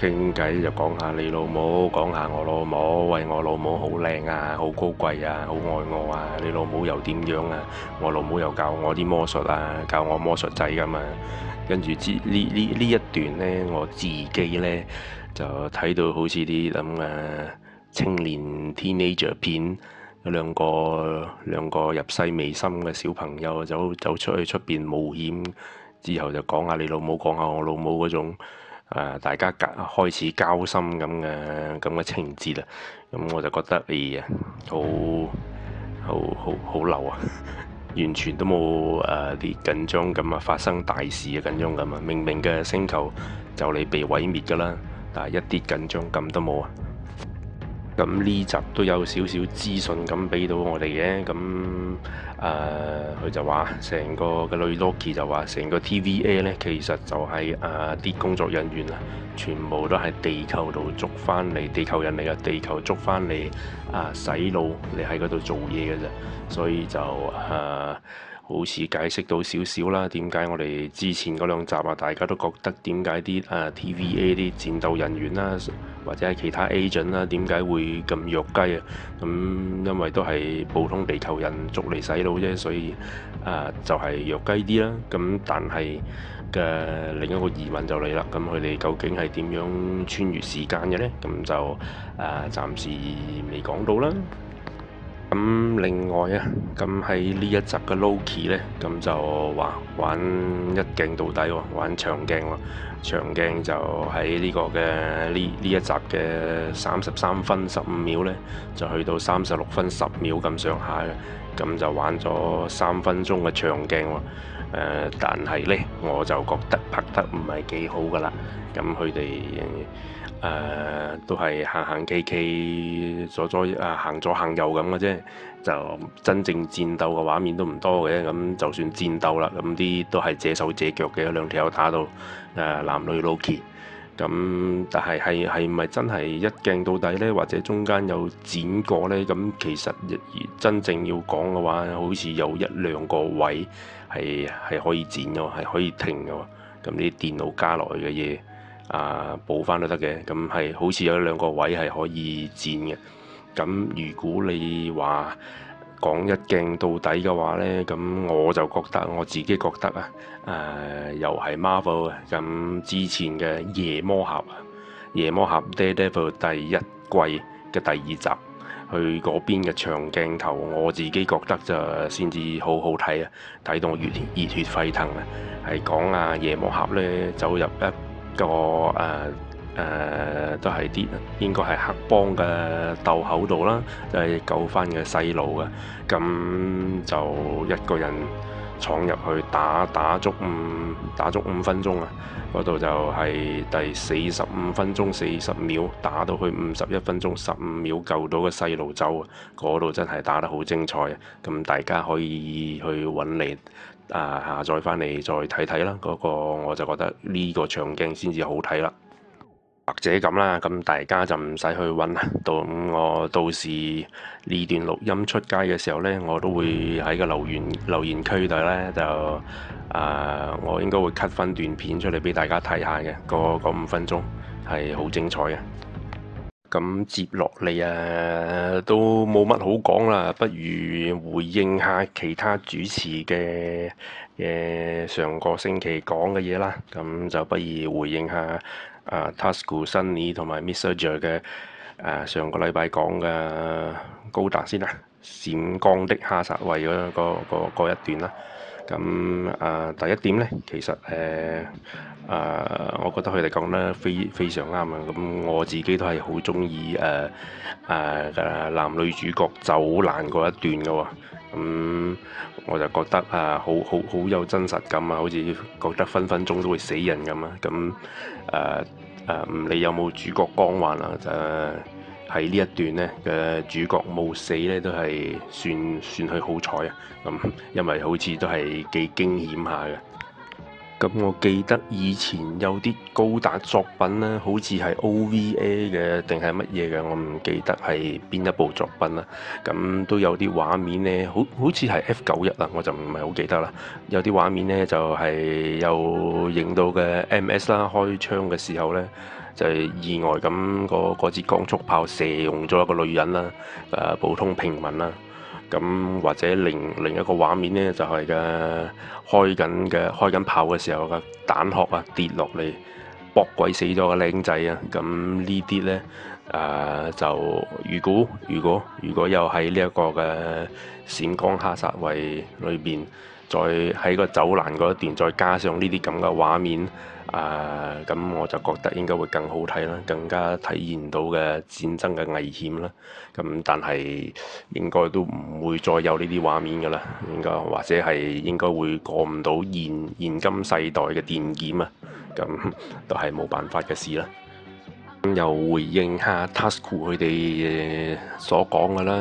傾偈就講下你老母，講下我老母，喂我老母好靚啊，好高貴啊，好愛我啊！你老母又點樣啊？我老母又教我啲魔術啊，教我魔術仔㗎嘛。跟住呢呢呢一段呢，我自己呢，就睇到好似啲咁誒青年 teenager 片，兩個兩個入世未深嘅小朋友走走出去出邊冒險之後，就講下你老母，講下我老母嗰種。誒，大家交開始交心咁嘅咁嘅情節啦，咁我就覺得誒、欸，好好好好流啊， [laughs] 完全都冇誒啲緊張感啊，發生大事嘅、啊、緊張感啊，明明嘅星球就嚟被毀滅噶啦，但係一啲緊張感都冇啊，咁呢集都有少少資訊咁俾到我哋嘅咁。誒佢、uh, 就話，成個嘅女 Loki 就話，成個 TVA 呢，其實就係誒啲工作人員啊，全部都係地球度捉返嚟，地球人嚟啊，地球捉返嚟啊，uh, 洗腦你喺嗰度做嘢㗎啫，所以就誒。Uh, 好似解釋到少少啦，點解我哋之前嗰兩集啊，大家都覺得點解啲啊 TVA 啲戰鬥人員啦、啊，或者係其他 agent 啦、啊，點解會咁弱雞啊？咁、嗯、因為都係普通地球人捉嚟洗腦啫，所以啊、呃、就係、是、弱雞啲啦。咁、嗯、但係嘅、呃、另一個疑問就嚟啦，咁佢哋究竟係點樣穿越時間嘅呢？咁、嗯、就啊、呃、暫時未講到啦。咁另外啊，咁喺呢一集嘅 Loki 呢，咁就話玩一鏡到底喎，玩長鏡喎，長鏡就喺呢個嘅呢呢一集嘅三十三分十五秒呢，就去到三十六分十秒咁上下嘅，咁就玩咗三分鐘嘅長鏡喎，呃，但係呢，我就覺得拍得唔係幾好噶啦，咁佢哋誒、啊、都係行行企企，左左誒行、啊、左行右咁嘅啫，就真正戰鬥嘅畫面都唔多嘅咁。就算戰鬥啦，咁啲都係借手借腳嘅兩條友打到誒男女老少。咁、啊、但係係係咪真係一鏡到底咧？或者中間有剪過咧？咁其實真正要講嘅話，好似有一兩個位係係可以剪嘅，係可以停嘅。咁啲電腦加落去嘅嘢。啊，補翻都得嘅，咁係好似有兩個位係可以剪嘅。咁如果你話講一鏡到底嘅話呢，咁我就覺得我自己覺得啊，誒又係 Marvel 嘅。咁之前嘅夜魔俠，夜魔俠 Daredevil 第一季嘅第二集，佢嗰邊嘅長鏡頭，我自己覺得就先至好好睇啊，睇到我熱熱血沸騰啊，係講啊夜魔俠呢走入一個誒誒、呃呃、都係啲，應該係黑幫嘅斗口度啦，就係救翻嘅細路嘅，咁就一個人闖入去打打足五打足五分鐘啊，嗰度就係第四十五分鐘四十秒打到去五十一分鐘十五秒救到個細路走，嗰度真係打得好精彩啊！咁大家可以去揾你。啊！下載翻嚟再睇睇啦，嗰個我就覺得呢個場景先至好睇啦，或者咁啦，咁大家就唔使去揾啦。到我到時呢段錄音出街嘅時候呢，我都會喺個留言留言區度呢。就啊，我應該會 cut 返段片出嚟俾大家睇下嘅，嗰個五分鐘係好精彩嘅。咁接落嚟啊，都冇乜好講啦，不如回應下其他主持嘅、呃、上個星期講嘅嘢啦。咁就不如回應下啊 Tasuku Sunny 同埋 Mr Jer、er、嘅、啊、上個禮拜講嘅高達先啦，閃光的哈薩維嗰一段啦。咁啊、呃，第一點咧，其實誒啊、呃呃，我覺得佢哋講得非非常啱啊！咁我自己都係好中意誒誒男女主角走難嗰一段嘅喎，咁、嗯、我就覺得啊、呃，好好好有真實感啊，好似覺得分分鐘都會死人咁啊！咁誒誒，唔、呃、理、呃、有冇主角光環啊就～、呃喺呢一段呢，嘅主角冇死呢都係算算係好彩啊！咁因為好似都係幾驚險下嘅。咁我記得以前有啲高達作品咧，好似係 OVA 嘅定係乜嘢嘅，我唔記得係邊一部作品啦。咁都有啲畫面呢，好好似係 F 九一啦，我就唔係好記得啦。有啲畫面呢，就係、係、有影到嘅 MS 啦，開槍嘅時候呢。就意外咁個個支光速炮射中咗一個女人啦，誒、啊、普通平民啦，咁、啊、或者另另一個畫面呢，就係、是、嘅開緊嘅開緊炮嘅時候嘅彈殼啊跌落嚟，搏鬼死咗個靚仔啊！咁呢啲呢，誒、啊、就如果如果如果又喺呢一個嘅閃光哈薩維裏邊，再喺個走廊嗰一段，再加上呢啲咁嘅畫面。啊，咁、uh, 我就覺得應該會更好睇啦，更加體驗到嘅戰爭嘅危險啦。咁但係應該都唔會再有呢啲畫面噶啦，應該或者係應該會過唔到現現今世代嘅電檢啊。咁都係冇辦法嘅事啦。又回應下 Tasuku 佢哋所講嘅啦，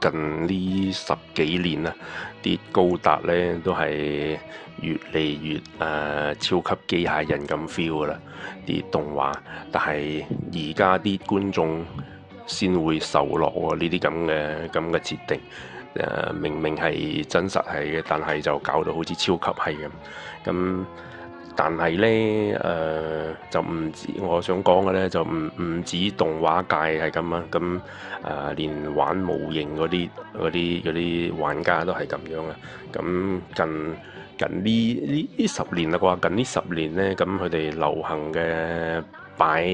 咁近呢十幾年啊，啲高達呢都係越嚟越誒、呃、超級機械人咁 feel 噶啦，啲動畫，但係而家啲觀眾先會受落呢啲咁嘅咁嘅設定，誒、呃、明明係真實係嘅，但係就搞到好似超級係咁，咁、嗯。但係咧，誒、呃、就唔止我想講嘅咧，就唔唔止動畫界係咁啊，咁誒、呃、連玩模型嗰啲嗰啲嗰啲玩家都係咁樣啊，咁近近呢呢呢十年啦啩，近呢十年咧，咁佢哋流行嘅。擺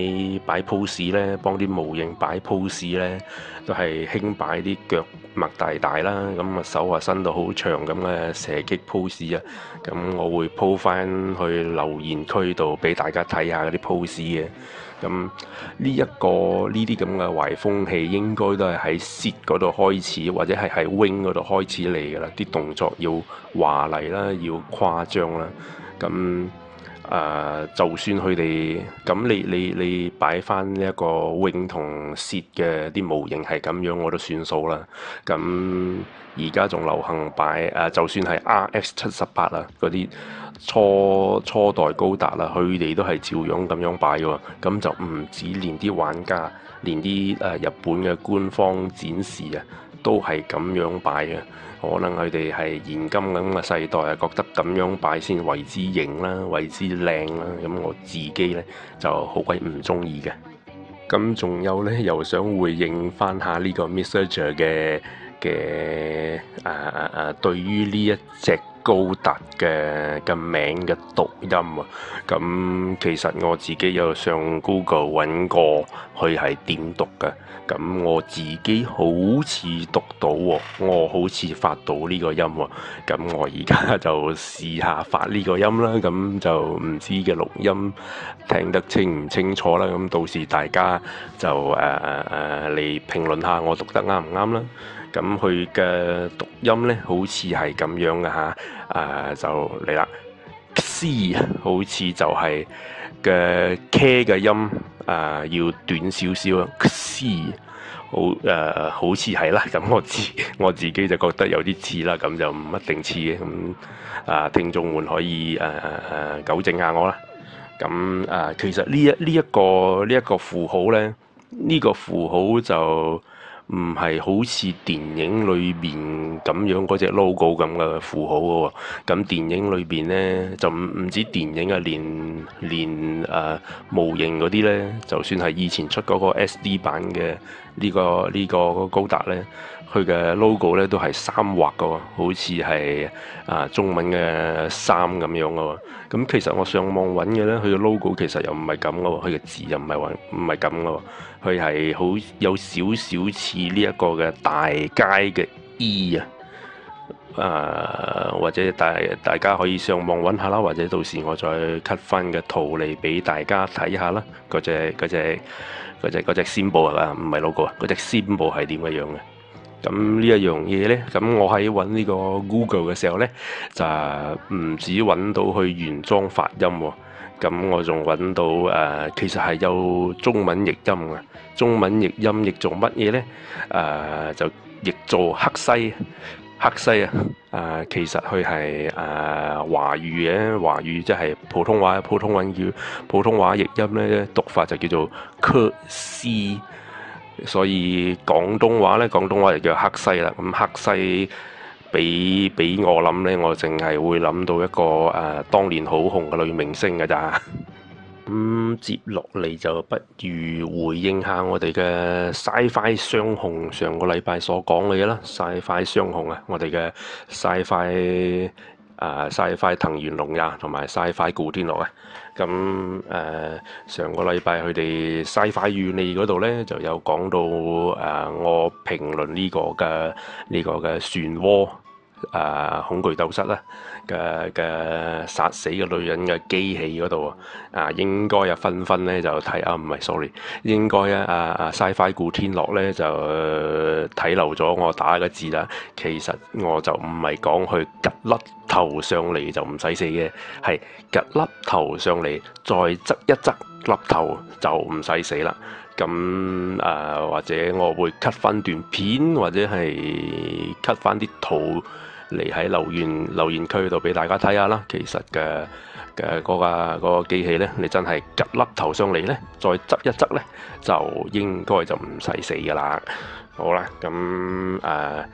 擺 pose 呢，幫啲模型擺 pose 呢，都係輕擺啲腳，擘大大啦，咁、嗯、啊手啊伸到好長咁嘅射擊 pose 啊，咁、嗯、我會鋪翻去留言區度俾大家睇下嗰啲 pose 嘅。咁呢一個呢啲咁嘅壞風氣，應該都係喺 sit 嗰度開始，或者係喺 wing 嗰度開始嚟噶啦，啲動作要華麗啦，要誇張啦，咁、嗯。誒，uh, 就算佢哋咁，你你你擺翻呢一個泳同蝕嘅啲模型係咁樣，我都算數啦。咁而家仲流行擺誒、啊，就算係 RX 七十八啊，嗰啲初初代高達啦，佢哋都係照樣咁樣擺喎。咁就唔止連啲玩家，連啲誒日本嘅官方展示啊。都係咁樣擺嘅，可能佢哋係現今咁嘅世代啊，覺得咁樣擺先為之型啦，為之靚啦。咁我自己呢，就好鬼唔中意嘅。咁仲有呢，又想回應翻下呢個 Mr. Joe、er、嘅嘅啊啊對於呢一隻。高達嘅嘅名嘅讀音啊，咁其實我自己有上 Google 揾過，佢係點讀嘅，咁我自己好似讀到喎，我好似發到呢個音喎，咁我而家就試下發呢個音啦，咁就唔知嘅錄音聽得清唔清楚啦，咁到時大家就誒誒嚟評論下我讀得啱唔啱啦。咁佢嘅讀音咧，好似係咁樣㗎吓，啊就嚟啦，C 好似就係嘅 K 嘅音啊，要短少少啊，C 好誒，好似係啦，咁我自我自己就覺得有啲似啦，咁就唔一定似嘅，咁啊，聽眾們可以誒誒誒糾正下我啦。咁啊，其實呢一呢一個呢一個符號咧，呢個符號就。唔係好似電影裏面咁樣嗰隻、那個、logo 咁嘅符號嘅喎，咁電影裏邊呢，就唔唔止電影啊連連、呃、模型嗰啲呢，就算係以前出嗰個 SD 版嘅呢、呢個呢、呢個呢個高達呢。佢嘅 logo 咧都係三畫嘅喎，好似係啊中文嘅三咁樣嘅喎。咁、啊、其實我上網揾嘅咧，佢嘅 logo 其實又唔係咁嘅喎，佢嘅字又唔係話唔係咁嘅喎。佢係好有少少似呢一個嘅大街嘅 E 啊，啊或者大家大家可以上網揾下啦，或者到時我再 cut 翻嘅圖嚟俾大家睇下啦。嗰隻嗰隻嗰隻嗰隻仙布啊，唔係 logo 啊，嗰隻仙布係點嘅樣嘅？咁呢一樣嘢呢，咁我喺揾呢個 Google 嘅時候呢，就唔止揾到佢原裝發音喎、哦，咁我仲揾到誒、呃，其實係有中文譯音嘅。中文譯音譯做乜嘢呢？誒、呃、就譯做黑西，黑西啊！誒、呃、其實佢係誒華語嘅，華語即係普通話、普通話語、普通話譯音呢，讀法就叫做 c 所以廣東話咧，廣東話就叫黑西啦。咁黑西俾俾我諗咧，我淨係會諗到一個誒、呃，當年好紅嘅女明星㗎咋。咁、 [laughs] 嗯、接落嚟就不如回應下我哋嘅 Sci-Fi 雙雄上個禮拜所講嘅嘢啦。Sci-Fi [laughs] 雙雄啊，我哋嘅 Sci-Fi 誒 Sci-Fi 藤原龍也同埋 Sci-Fi 古天樂啊。咁誒、嗯、上個禮拜佢哋西快預你嗰度咧，就有講到誒、啊、我評論呢個嘅呢、呢個嘅漩渦。啊、恐懼鬥室啦嘅嘅殺死個女人嘅機器嗰度啊，啊，應該啊分分咧就睇啊，唔係 sorry，應該咧啊啊，西非古天樂咧就睇漏咗我打嘅字啦。其實我就唔係講去吉粒頭上嚟就唔使死嘅，係吉粒頭上嚟再側一側粒頭就唔使死啦。咁啊或者我會 cut 翻段片或者係 cut 翻啲圖。嚟喺留言留言區度俾大家睇下啦，其實嘅嘅、個啊、個機器呢，你真係吉粒頭上嚟呢，再執一執呢，就應該就唔使死噶啦。好啦，咁啊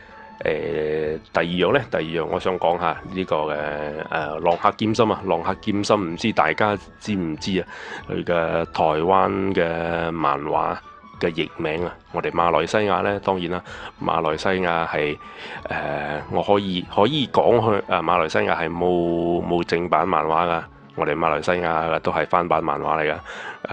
誒第二樣呢，第二樣我想講下呢、呢個嘅誒、呃《浪客劍心》啊，《浪客劍心》唔知大家知唔知啊？佢嘅台灣嘅漫畫嘅譯名啊，我哋馬來西亞呢，當然啦，馬來西亞係誒，我可以可以講去啊，馬來西亞係冇冇正版漫畫噶，我哋馬來西亞都係翻版漫畫嚟噶，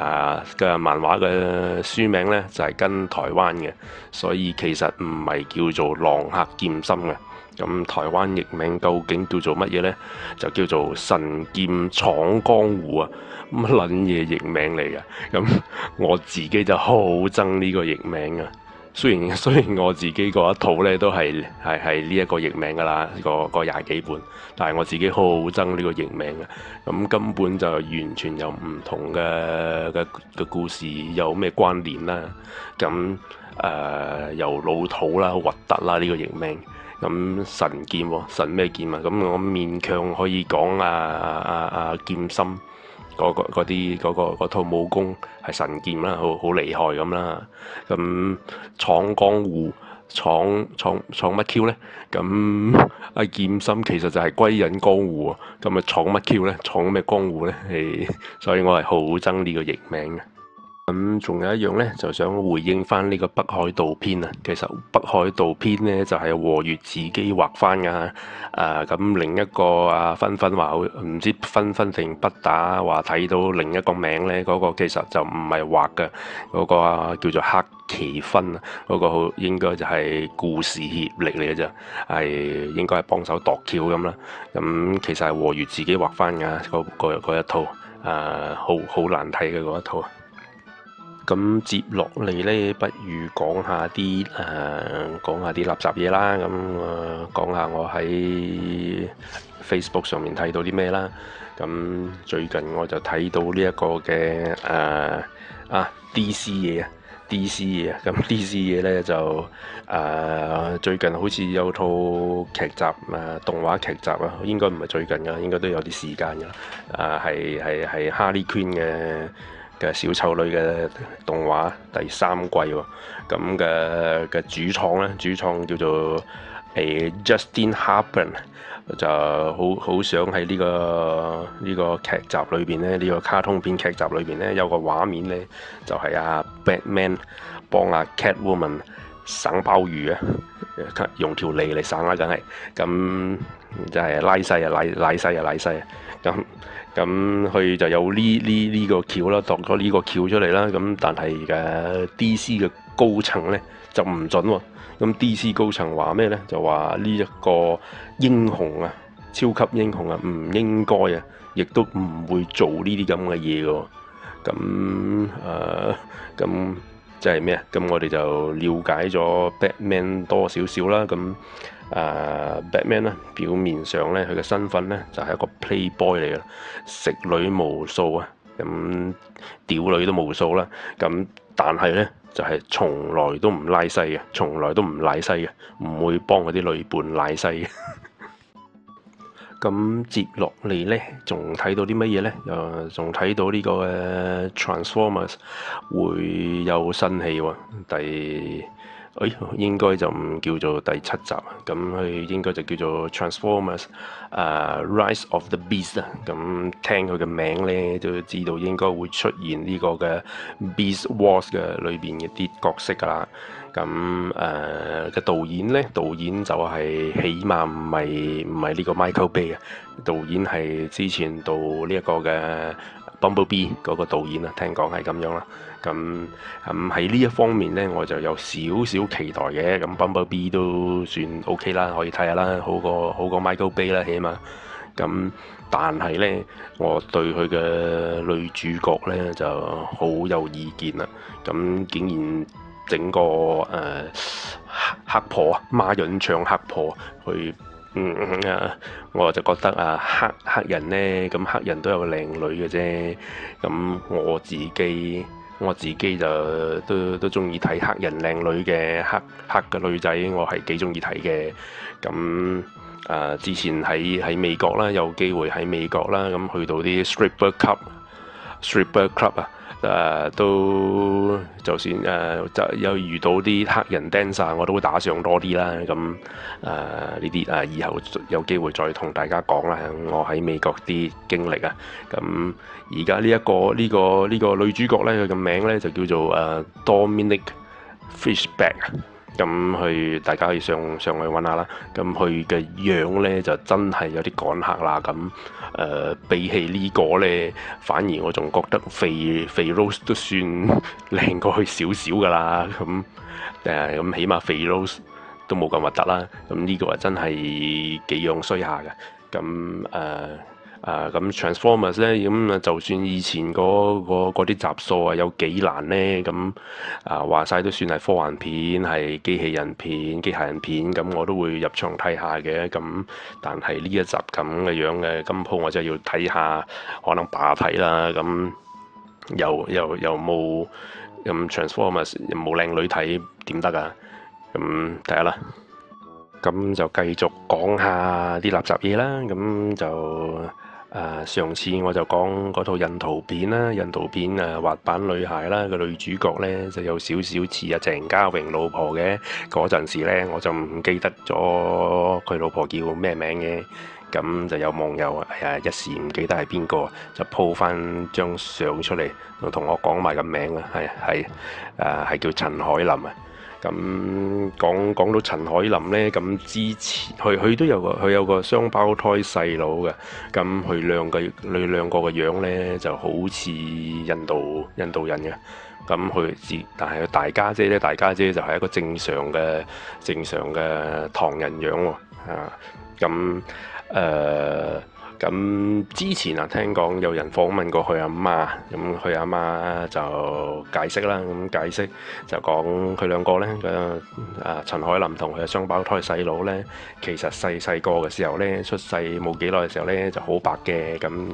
啊、呃、嘅、這個、漫畫嘅書名呢，就係、是、跟台灣嘅，所以其實唔係叫做《浪客劍心》嘅，咁台灣譯名究竟叫做乜嘢呢？就叫做《神劍闖江湖》啊！乜撚嘢譯名嚟㗎？咁我自己就好憎呢個譯名啊。雖然雖然我自己嗰一套呢都係係係呢一個譯名噶啦，個廿幾本，但係我自己好憎呢個譯名啊。咁根本就完全有唔同嘅嘅嘅故事，有咩關聯啦？咁誒、呃、又老土啦，核突啦呢個譯名。咁神劍喎、哦，神咩劍啊？咁我勉強可以講啊啊啊劍心，嗰個嗰啲嗰個嗰套武功係神劍啦，好好厲害咁啦。咁闖江湖，闖闖闖乜 Q 咧？咁阿劍心其實就係歸隱江湖，啊，咁啊闖乜 Q 咧？闖咩江湖咧？誒，所以我係好憎呢個譯名嘅。咁仲、嗯、有一樣咧，就想回應翻呢個北海道篇啊。其實北海道篇呢，就係、是、和月自己畫翻噶吓。咁、啊嗯、另一個啊，分分話唔知分分定不打話睇到另一個名咧，嗰、那個其實就唔係畫噶，嗰、那個叫做黑崎分、那個嗯、啊，嗰個應該就係故事協力嚟嘅咋，係應該係幫手度橋咁啦。咁其實係和月自己畫翻噶，嗰一套誒，好好難睇嘅嗰一套咁接落嚟呢，不如講下啲誒，講下啲垃圾嘢啦。咁、嗯、啊，講、呃、下我喺 Facebook 上面睇到啲咩啦。咁、嗯、最近我就睇到呢一個嘅誒、呃、啊 DC 嘢 DC 嘢咁 DC 嘢、嗯、呢，就誒、呃、最近好似有套劇集啊、呃，動畫劇集啊，應該唔係最近噶，應該都有啲時間噶。啊、呃，係係係《哈利·奎恩》嘅。小丑女嘅動畫第三季喎、哦，咁嘅嘅主創咧，主創叫做誒 Justin Halpern，就好好想喺呢、這個呢、這個劇集裏邊咧，呢、這個卡通片劇集裏邊咧，有個畫面咧，就係、是、阿、啊、Batman 幫阿、啊、Catwoman 省鮑魚啊，用條脷嚟省啦，梗係，咁就係拉西啊，拉拉西啊，拉西啊，咁。咁佢、嗯、就有呢呢呢個橋啦，度咗呢個橋出嚟啦。咁但係誒 DC 嘅高層呢就唔準喎、啊。咁 DC 高層話咩呢？就話呢一個英雄啊，超級英雄啊，唔應該啊，亦都唔會做呢啲咁嘅嘢㗎。咁誒咁即係咩啊？咁、嗯呃、我哋就了解咗 Batman 多少少啦。咁、嗯。誒、uh,，Batman 咧，表面上咧，佢嘅身份咧就係、是、一個 playboy 嚟嘅，食女無數啊，咁屌女都無數啦、啊，咁但係咧就係、是、從來都唔拉西嘅，從來都唔賴西嘅，唔會幫嗰啲女伴賴西嘅。咁 [laughs] 接落嚟咧，仲睇到啲乜嘢咧？又仲睇到呢、這個嘅、uh, Transformers 會有新戲喎、啊，第。誒、哎、應該就唔叫做第七集啊，咁佢應該就叫做 Transformers、uh, Rise of the Beast 啊，咁聽佢嘅名呢，都知道應該會出現呢個嘅 Beast Wars 嘅裏邊嘅啲角色噶啦，咁誒個導演呢，導演就係起碼唔係唔係呢個 Michael Bay 啊，導演係之前導呢一個嘅 Bumblebee 嗰個導演啊，聽講係咁樣啦。咁咁喺呢一方面呢，我就有少少期待嘅。咁 Bumblebee 都算 OK 啦，可以睇下啦，好過好過 Michael Bay 啦，起碼。咁但係呢，我對佢嘅女主角呢就好有意見啦。咁竟然整個誒黑、呃、黑婆啊，孖潤唱黑婆去，嗯啊、嗯，我就覺得啊黑黑人呢，咁黑人都有個靚女嘅啫。咁我自己。我自己就都都中意睇黑人靚女嘅黑黑嘅女仔，我係幾中意睇嘅。咁、呃、啊，之前喺喺美國啦，有機會喺美國啦，咁去到啲 strip club、strip club 啊。誒、uh, 都就算誒、uh, 就有遇到啲黑人 Dancer，我都會打上多啲啦。咁誒呢啲誒以後有機會再同大家講啦。我喺美國啲經歷啊。咁而家呢一個呢、呢個呢、呢個女主角咧，佢嘅名咧就叫做誒 Dominic Fishback。Uh, Domin 咁去，大家可以上上去揾下啦。咁佢嘅樣呢就真係有啲趕客啦。咁誒、呃，比起呢個呢，反而我仲覺得肥肥 Rose 都算靚過佢少少㗎啦。咁誒，咁、呃、起碼肥 Rose 都冇咁核突啦。咁呢個啊，真係幾樣衰下嘅。咁、呃、誒。啊，咁 Transformers 咧，咁啊就算以前嗰啲集數啊有幾難呢？咁啊話晒都算係科幻片，係機器人片、機械人片，咁我都會入場睇下嘅。咁但係呢一集咁嘅樣嘅金鋪，我真係要睇下，可能霸睇啦。咁又又又冇咁 Transformers，又冇靚女睇點得啊？咁第一啦，咁就繼續講下啲垃圾嘢啦。咁就～誒、啊、上次我就講嗰套印度片啦，印度片誒、啊、滑板女孩啦，個女主角呢就有少少似啊鄭嘉穎老婆嘅嗰陣時咧，我就唔記得咗佢老婆叫咩名嘅，咁就有網友啊一時唔記得係邊個，就 po 翻張相出嚟就同我講埋個名啊，係係誒係叫陳凱琳。啊。咁講講到陳海琳呢，咁之前佢佢都有個佢有個雙胞胎細佬嘅，咁佢兩個佢兩個嘅樣呢，就好似印度印度人嘅，咁佢自但係大家姐呢，大家姐，姐就係一個正常嘅正常嘅唐人樣喎、哦，啊，咁誒。呃咁之前啊，聽講有人訪問過佢阿媽，咁佢阿媽就解釋啦，咁解釋就講佢兩個呢，啊陳凱琳同佢嘅雙胞胎細佬呢，其實細細個嘅時候呢，出世冇幾耐嘅時候呢，就好白嘅，咁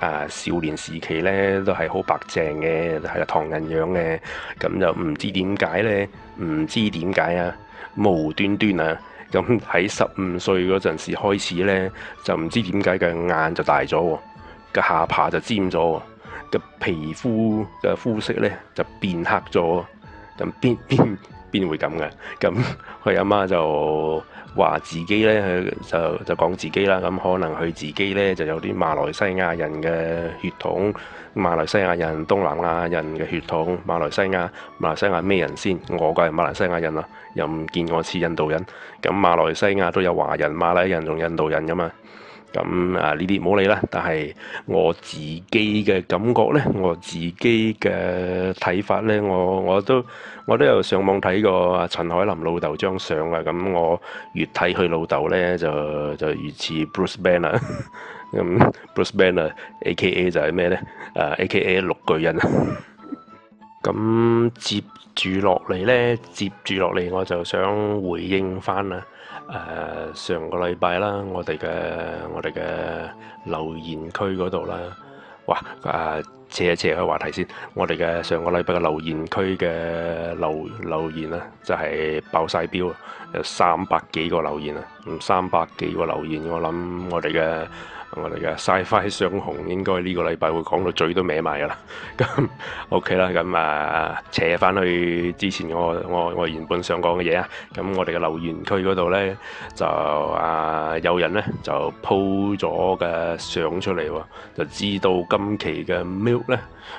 啊少年時期呢，都係好白淨嘅，係啊唐人樣嘅，咁就唔知點解呢，唔知點解啊，無端端啊！咁喺十五歲嗰陣時開始呢，就唔知點解佢眼就大咗，個下巴就尖咗，個皮膚嘅膚色呢就變黑咗，咁邊邊邊會咁嘅？咁佢阿媽就。話自己呢，就就講自己啦。咁可能佢自己呢，就有啲馬來西亞人嘅血統，馬來西亞人、東南亞人嘅血統，馬來西亞。馬來西亞咩人先？我個係馬來西亞人啦，又唔見我似印度人。咁馬來西亞都有華人、馬來人同印度人噶嘛。咁啊呢啲唔好理啦，但係我自己嘅感覺呢，我自己嘅睇法呢，我我都我都有上網睇過啊陳海林老豆張相啊，咁我越睇佢老豆呢，就就越似 [laughs] [laughs] Bruce Banner，咁 Bruce Banner AKA 就係咩呢？啊 AKA 綠巨人啊。咁 [laughs] 接住落嚟呢，接住落嚟我就想回應翻啊。誒、uh, 上個禮拜啦，我哋嘅我哋嘅留言區嗰度啦，哇！誒、呃、扯一扯開話題先，我哋嘅上個禮拜嘅留言區嘅留留言咧，就係、是、爆曬標，有三百幾個留言啊，唔三百幾個留言，我諗我哋嘅。我哋嘅 Sci-Fi 雙紅應該呢個禮拜會講到嘴都歪埋噶啦，咁 OK 啦，咁啊扯翻去之前我我我原本想講嘅嘢啊，咁我哋嘅留言區嗰度呢，就啊有人呢，就 po 咗嘅相出嚟喎，就知道今期嘅 Milk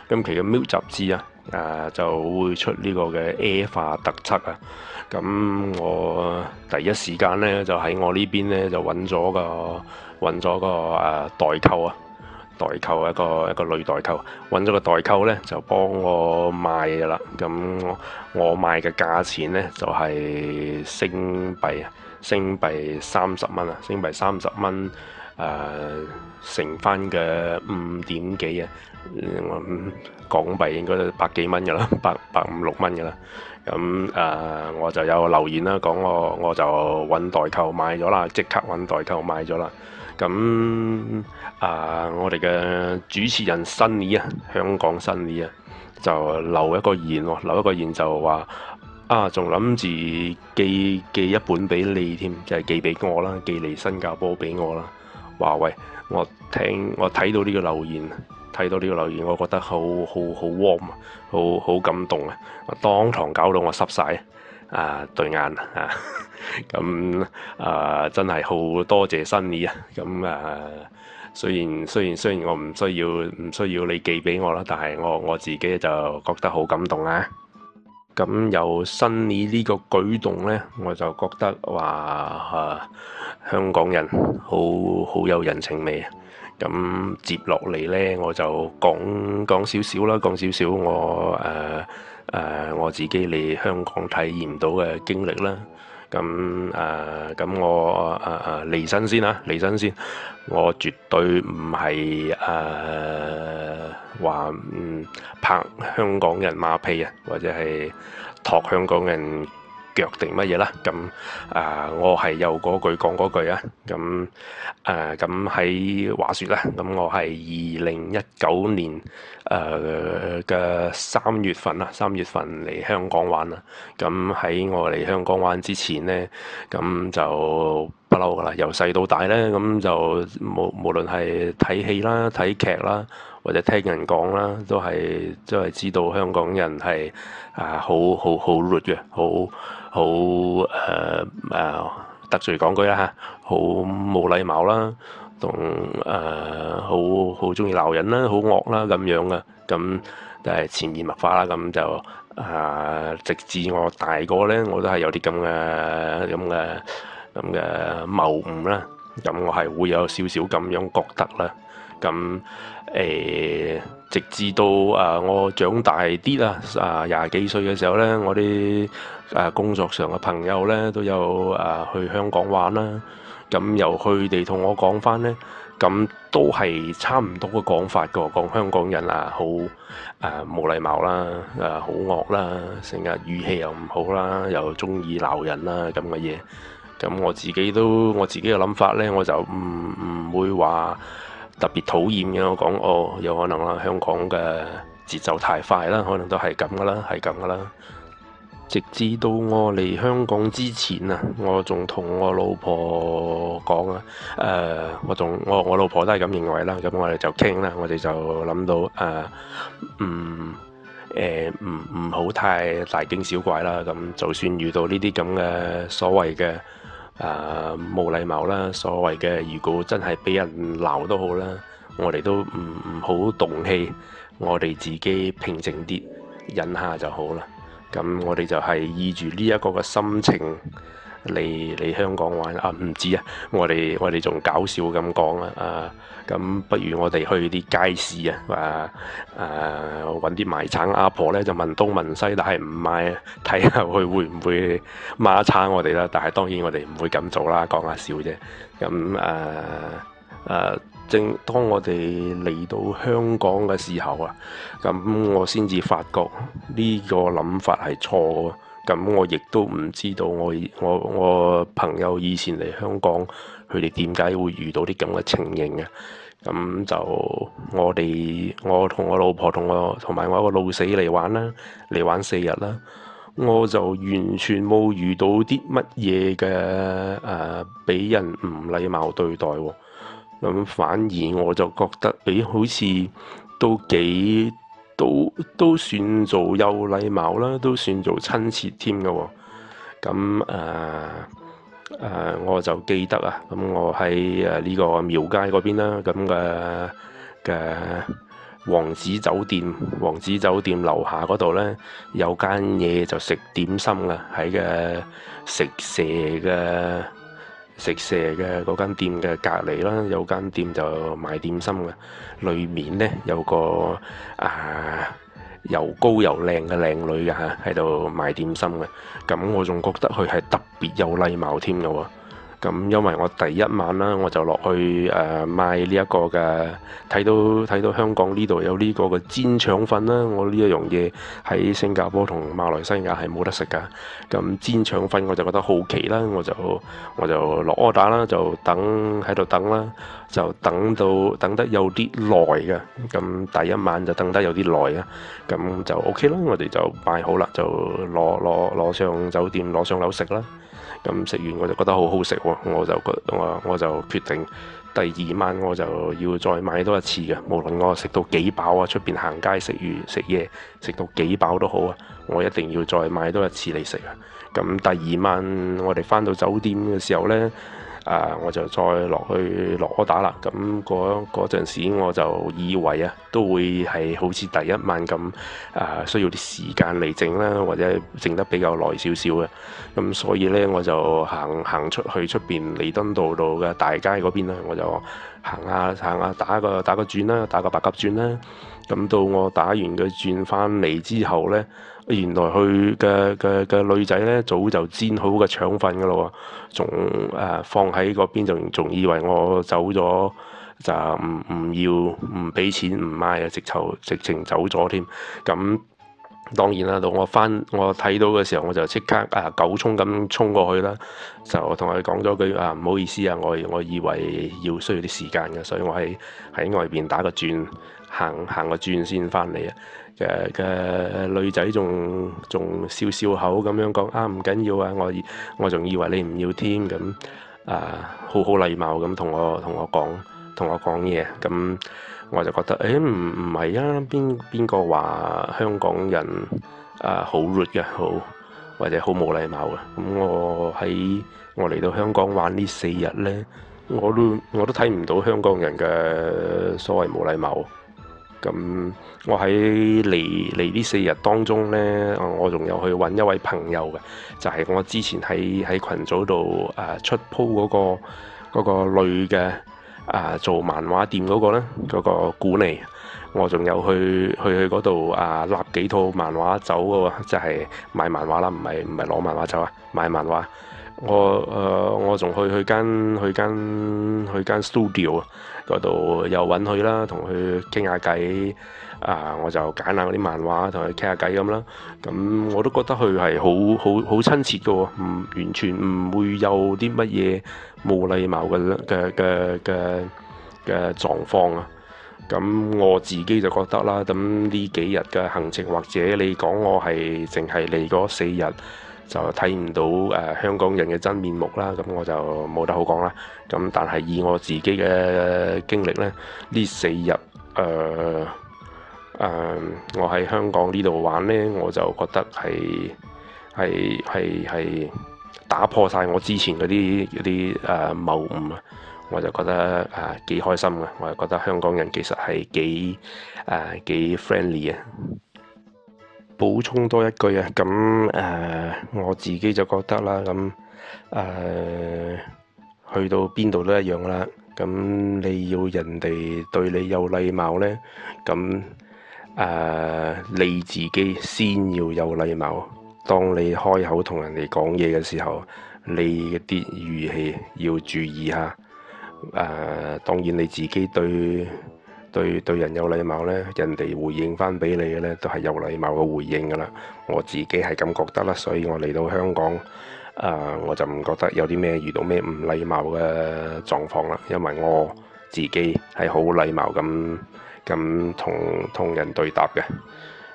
今期嘅 Milk 雜誌啊，就會出呢個嘅 a 化特輯啊，咁我第一時間呢，就喺我呢邊呢，就揾咗個。揾咗個誒代購啊，代購一個一個女代購，揾咗個代購呢，就幫我買嘅啦。咁我買嘅價錢呢，就係，是，星幣，星幣三十蚊啊，星幣三十蚊誒乘翻嘅五點幾啊，嗯，港幣應該百幾蚊嘅啦，百百五六蚊嘅啦。咁誒、呃、我就有留言啦，講我我就揾代購買咗啦，即刻揾代購買咗啦。咁、嗯、啊，我哋嘅主持人辛尼啊，香港辛尼啊，就留一個言喎，留一個言就話啊，仲諗住寄寄一本俾你添，就係寄俾我啦，寄嚟新加坡俾我啦。話喂，我聽我睇到呢個留言，睇到呢個留言，我覺得好好好 warm，好好感動啊！我當堂搞到我濕晒。」啊對眼啊，咁啊真係好多謝辛尼啊！咁啊，啊，雖然雖然雖然我唔需要唔需要你寄俾我啦，但係我我自己就覺得好感動啦啊！咁由辛尼呢個舉動呢，我就覺得哇、啊、香港人好好有人情味啊！咁接落嚟呢，我就講講少少啦，講少少我誒。啊誒、呃、我自己嚟香港體驗到嘅經歷啦，咁誒咁我誒誒、呃啊、離身先啊，離身先。我絕對唔係誒話拍香港人馬屁啊，或者係托香港人。腳定乜嘢啦？咁啊、呃，我係又嗰句講嗰句啊。咁誒，咁、呃、喺話説啦。咁我係二零一九年誒嘅三月份啊，三月份嚟香港玩啊。咁喺我嚟香港玩之前呢，咁就不嬲噶啦。由細到大咧，咁就無無論係睇戲啦、睇劇啦，或者聽人講啦，都係都係知道香港人係啊好好好 root 嘅，好～好好好誒誒，得罪講句啦嚇，好冇禮貌啦，同誒好好中意鬧人啦，好惡啦咁樣啊，咁都係潛移默化啦，咁、嗯、就啊，直至我大個咧，我都係有啲咁嘅咁嘅咁嘅謬誤啦，咁、嗯、我係會有少少咁樣覺得啦。咁誒、欸，直至到啊、呃，我長大啲啦，啊廿幾歲嘅時候呢，我啲啊工作上嘅朋友呢都有啊去香港玩啦。咁、嗯、由佢哋同我講翻呢，咁、嗯、都係差唔多嘅講法㗎，講香港人啊好誒冇、啊、禮貌啦，啊好惡啦，成日語氣又唔好啦，又中意鬧人啦咁嘅嘢。咁、嗯、我自己都我自己嘅諗法呢，我就唔唔會話。特別討厭嘅我講哦，有可能啦，香港嘅節奏太快啦，可能都係咁噶啦，係咁噶啦。直至到我嚟香港之前啊，我仲同我老婆講啊，誒、呃，我仲我我老婆都係咁認為啦。咁我哋就傾啦，我哋就諗到誒，嗯、呃，誒，唔、呃、唔好太大驚小怪啦。咁就算遇到呢啲咁嘅所謂嘅。誒冇、啊、禮貌啦，所謂嘅，如果真係俾人鬧都好啦，我哋都唔唔好動氣，我哋自己平靜啲，忍下就好啦。咁我哋就係依住呢一個嘅心情。嚟嚟香港玩啊？唔知啊，我哋我哋仲搞笑咁講啦啊！咁不如我哋去啲街市啊，啊啊揾啲賣橙阿婆咧，就問東問西，但係唔買，睇下佢會唔會鬧一餐我哋啦？但係當然我哋唔會咁做啦，講下笑啫。咁誒誒，正當我哋嚟到香港嘅時候啊，咁、嗯、我先至發覺呢個諗法係錯。咁我亦都唔知道我我我朋友以前嚟香港，佢哋點解會遇到啲咁嘅情形嘅？咁就我哋我同我老婆同我同埋我一個老死嚟玩啦，嚟玩四日啦，我就完全冇遇到啲乜嘢嘅誒，俾、啊、人唔禮貌對待喎、哦。咁反而我就覺得，誒、哎、好似都幾～都都算做有禮貌啦，都算做親切添嘅喎。咁誒誒，我就記得啊。咁、嗯、我喺誒呢個廟街嗰邊啦，咁嘅嘅王子酒店，王子酒店樓下嗰度咧，有間嘢就食點心啦，喺嘅食蛇嘅。食蛇嘅嗰間店嘅隔離啦，有間店就賣點心嘅，裏面咧有個啊又高又靚嘅靚女嘅嚇喺度賣點心嘅。咁我仲覺得佢係特別有禮貌添嘅喎。咁、嗯、因為我第一晚啦，我就落去誒、呃、買呢一個嘅，睇到睇到香港呢度有呢個嘅煎腸粉啦，我呢一樣嘢喺新加坡同馬來西亞係冇得食噶。咁、嗯、煎腸粉我就覺得好奇啦，我就我就落 order 啦，就等喺度等啦，就等到等得有啲耐嘅。咁、嗯、第一晚就等得有啲耐啊，咁、嗯、就 OK 啦，我哋就買好啦，就攞攞攞上酒店，攞上樓食啦。咁食、嗯、完我就覺得好好食喎，我就覺我我就決定第二晚我就要再買多一次嘅，無論我食到幾飽啊，出邊行街食魚食嘢食到幾飽都好啊，我一定要再買多一次嚟食啊。咁、嗯、第二晚我哋返到酒店嘅時候呢。啊！我就再落去落柯打啦。咁嗰嗰陣時，我就以為啊，都會係好似第一晚咁啊，需要啲時間嚟整啦，或者整得比較耐少少嘅。咁所以呢，我就行行出去出邊彌敦道度嘅大街嗰邊啦、啊。我就行下、啊、行下、啊、打個打個轉啦、啊，打個白鴿轉啦、啊。咁到我打完個轉返嚟之後呢。原來佢嘅嘅嘅女仔呢，早就煎好嘅腸粉噶啦，仲誒、啊、放喺嗰邊，仲仲以為我走咗就唔唔要唔俾錢唔買啊，直頭直情走咗添。咁當然啦，我我到我翻我睇到嘅時候，我就即刻啊九衝咁衝過去啦，就同佢講咗句啊，唔好意思啊，我我以為要需要啲時間嘅，所以我喺喺外邊打個轉，行行個轉先翻嚟啊。嘅嘅女仔仲仲笑笑口咁樣講，啊唔緊要啊，我我仲以為你唔要添。咁啊好好禮貌咁同我同我、同我講同我講嘢，咁我就覺得誒唔唔係啊，邊邊個話香港人啊好 rude 嘅好或者好冇禮貌嘅？咁、嗯、我喺我嚟到香港玩呢四日呢，我都我都睇唔到香港人嘅所謂冇禮貌。咁、嗯、我喺嚟嚟呢四日當中呢，我仲有去揾一位朋友嘅，就係、是、我之前喺喺群組度誒、呃、出 po 嗰、那個女嘅啊，做漫畫店嗰個咧，嗰、那個古尼。我仲有去去去嗰度啊，攬、呃、幾套漫畫走嘅喎，即係買漫畫啦，唔係唔係攞漫畫走啊，買漫畫，我誒、呃、我仲去去間去間去間 studio 啊。嗰度又揾佢啦，同佢傾下偈。啊！我就揀下嗰啲漫畫同佢傾下偈。咁啦。咁我都覺得佢係好好好親切嘅喎、哦，唔完全唔會有啲乜嘢冇禮貌嘅嘅嘅嘅嘅狀況啊。咁我自己就覺得啦。咁呢幾日嘅行程，或者你講我係淨係嚟嗰四日，就睇唔到誒、呃、香港人嘅真面目啦，咁、嗯、我就冇得好講啦。咁、嗯、但係以我自己嘅經歷呢，呢四日誒誒，我喺香港呢度玩呢，我就覺得係係係係打破晒我之前嗰啲啲誒謬誤啊！我就覺得誒、呃、幾開心嘅，我就覺得香港人其實係幾誒、呃、幾 friendly 嘅。補充多一句啊，咁誒、呃、我自己就覺得啦，咁誒、呃、去到邊度都一樣啦。咁你要人哋對你有禮貌呢，咁誒、呃、你自己先要有禮貌。當你開口同人哋講嘢嘅時候，你啲語氣要注意下。誒、呃，當然你自己對，對對人有禮貌呢，人哋回應翻俾你嘅呢，都係有禮貌嘅回應噶啦。我自己係咁覺得啦，所以我嚟到香港，誒、呃、我就唔覺得有啲咩遇到咩唔禮貌嘅狀況啦，因為我自己係好禮貌咁咁同同人對答嘅。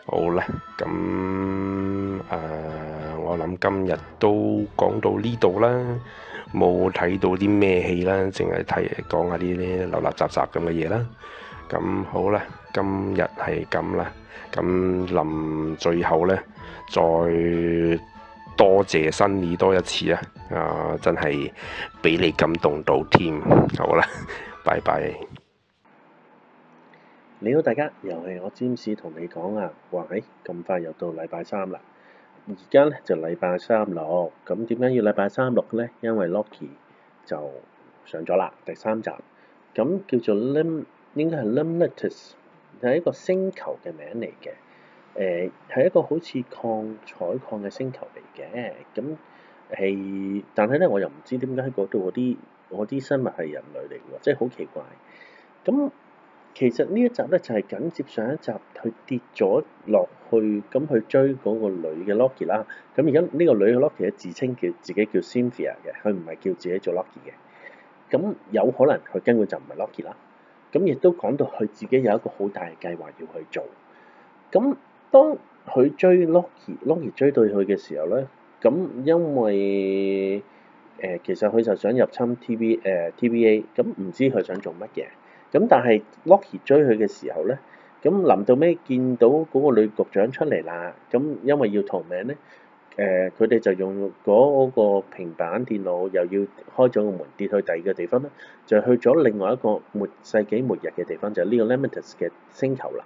好啦，咁誒、呃、我諗今日都講到呢度啦，冇睇到啲咩戲啦，淨係睇講下啲啲流流雜雜咁嘅嘢啦。咁好啦，今日係咁啦，咁臨最後咧，再多謝辛尼多一次啊！啊，真係俾你感動到添。好啦，拜拜。你好，大家又係我 James 同你講啊。哇，哎，咁快又到禮拜三啦。而家咧就禮拜三六，咁點解要禮拜三六咧？因為 Loki 就上咗啦，第三集。咁叫做 Lim。應該係 Lamentis 係一個星球嘅名嚟嘅，誒、呃、係一個好似礦採礦嘅星球嚟嘅，咁、嗯、係但係咧，我又唔知點解喺嗰度嗰啲嗰啲生物係人類嚟嘅，即係好奇怪。咁、嗯、其實呢一集咧就係、是、緊接上一集，佢跌咗落去，咁去追嗰個女嘅 Loki 啦。咁而家呢個女嘅 Loki 咧自稱叫自己叫 Symphia 嘅，佢唔係叫自己做 Loki 嘅，咁、嗯、有可能佢根本就唔係 Loki 啦。咁亦都講到佢自己有一個好大嘅計劃要去做，咁當佢追 Loki，Loki 追到佢嘅時候咧，咁因為誒、呃、其實佢就想入侵 TV 誒、呃、TVA，咁唔知佢想做乜嘢，咁但係 Loki 追佢嘅時候咧，咁臨到尾見到嗰個女局長出嚟啦，咁因為要逃命咧。誒，佢哋、呃、就用嗰個平板電腦，又要開咗個門跌去第二個地方咧，就去咗另外一個末世紀末日嘅地方，就係、是、呢個 Lamentis 嘅星球啦。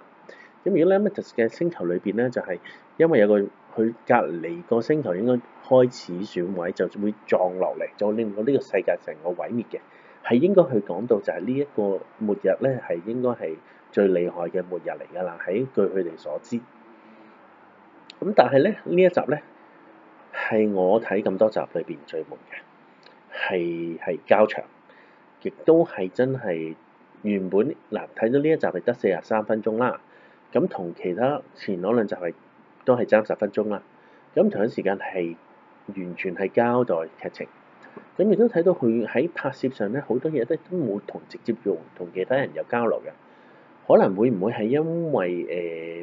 咁如果 Lamentis 嘅星球裏邊咧，就係、是、因為有個佢隔離個星球應該開始轉位，就會撞落嚟，就令到呢個世界成個毀滅嘅。係應該去講到就係呢一個末日咧，係應該係最厲害嘅末日嚟㗎啦。喺據佢哋所知，咁但係咧呢一集咧。係我睇咁多集裏邊最悶嘅，係係較長，亦都係真係原本嗱睇到呢一集係得四十三分鐘啦，咁同其他前嗰兩集係都係爭十分鐘啦，咁同樣時間係完全係交代劇情，咁亦都睇到佢喺拍攝上咧好多嘢都都冇同直接用同其他人有交流嘅，可能會唔會係因為誒、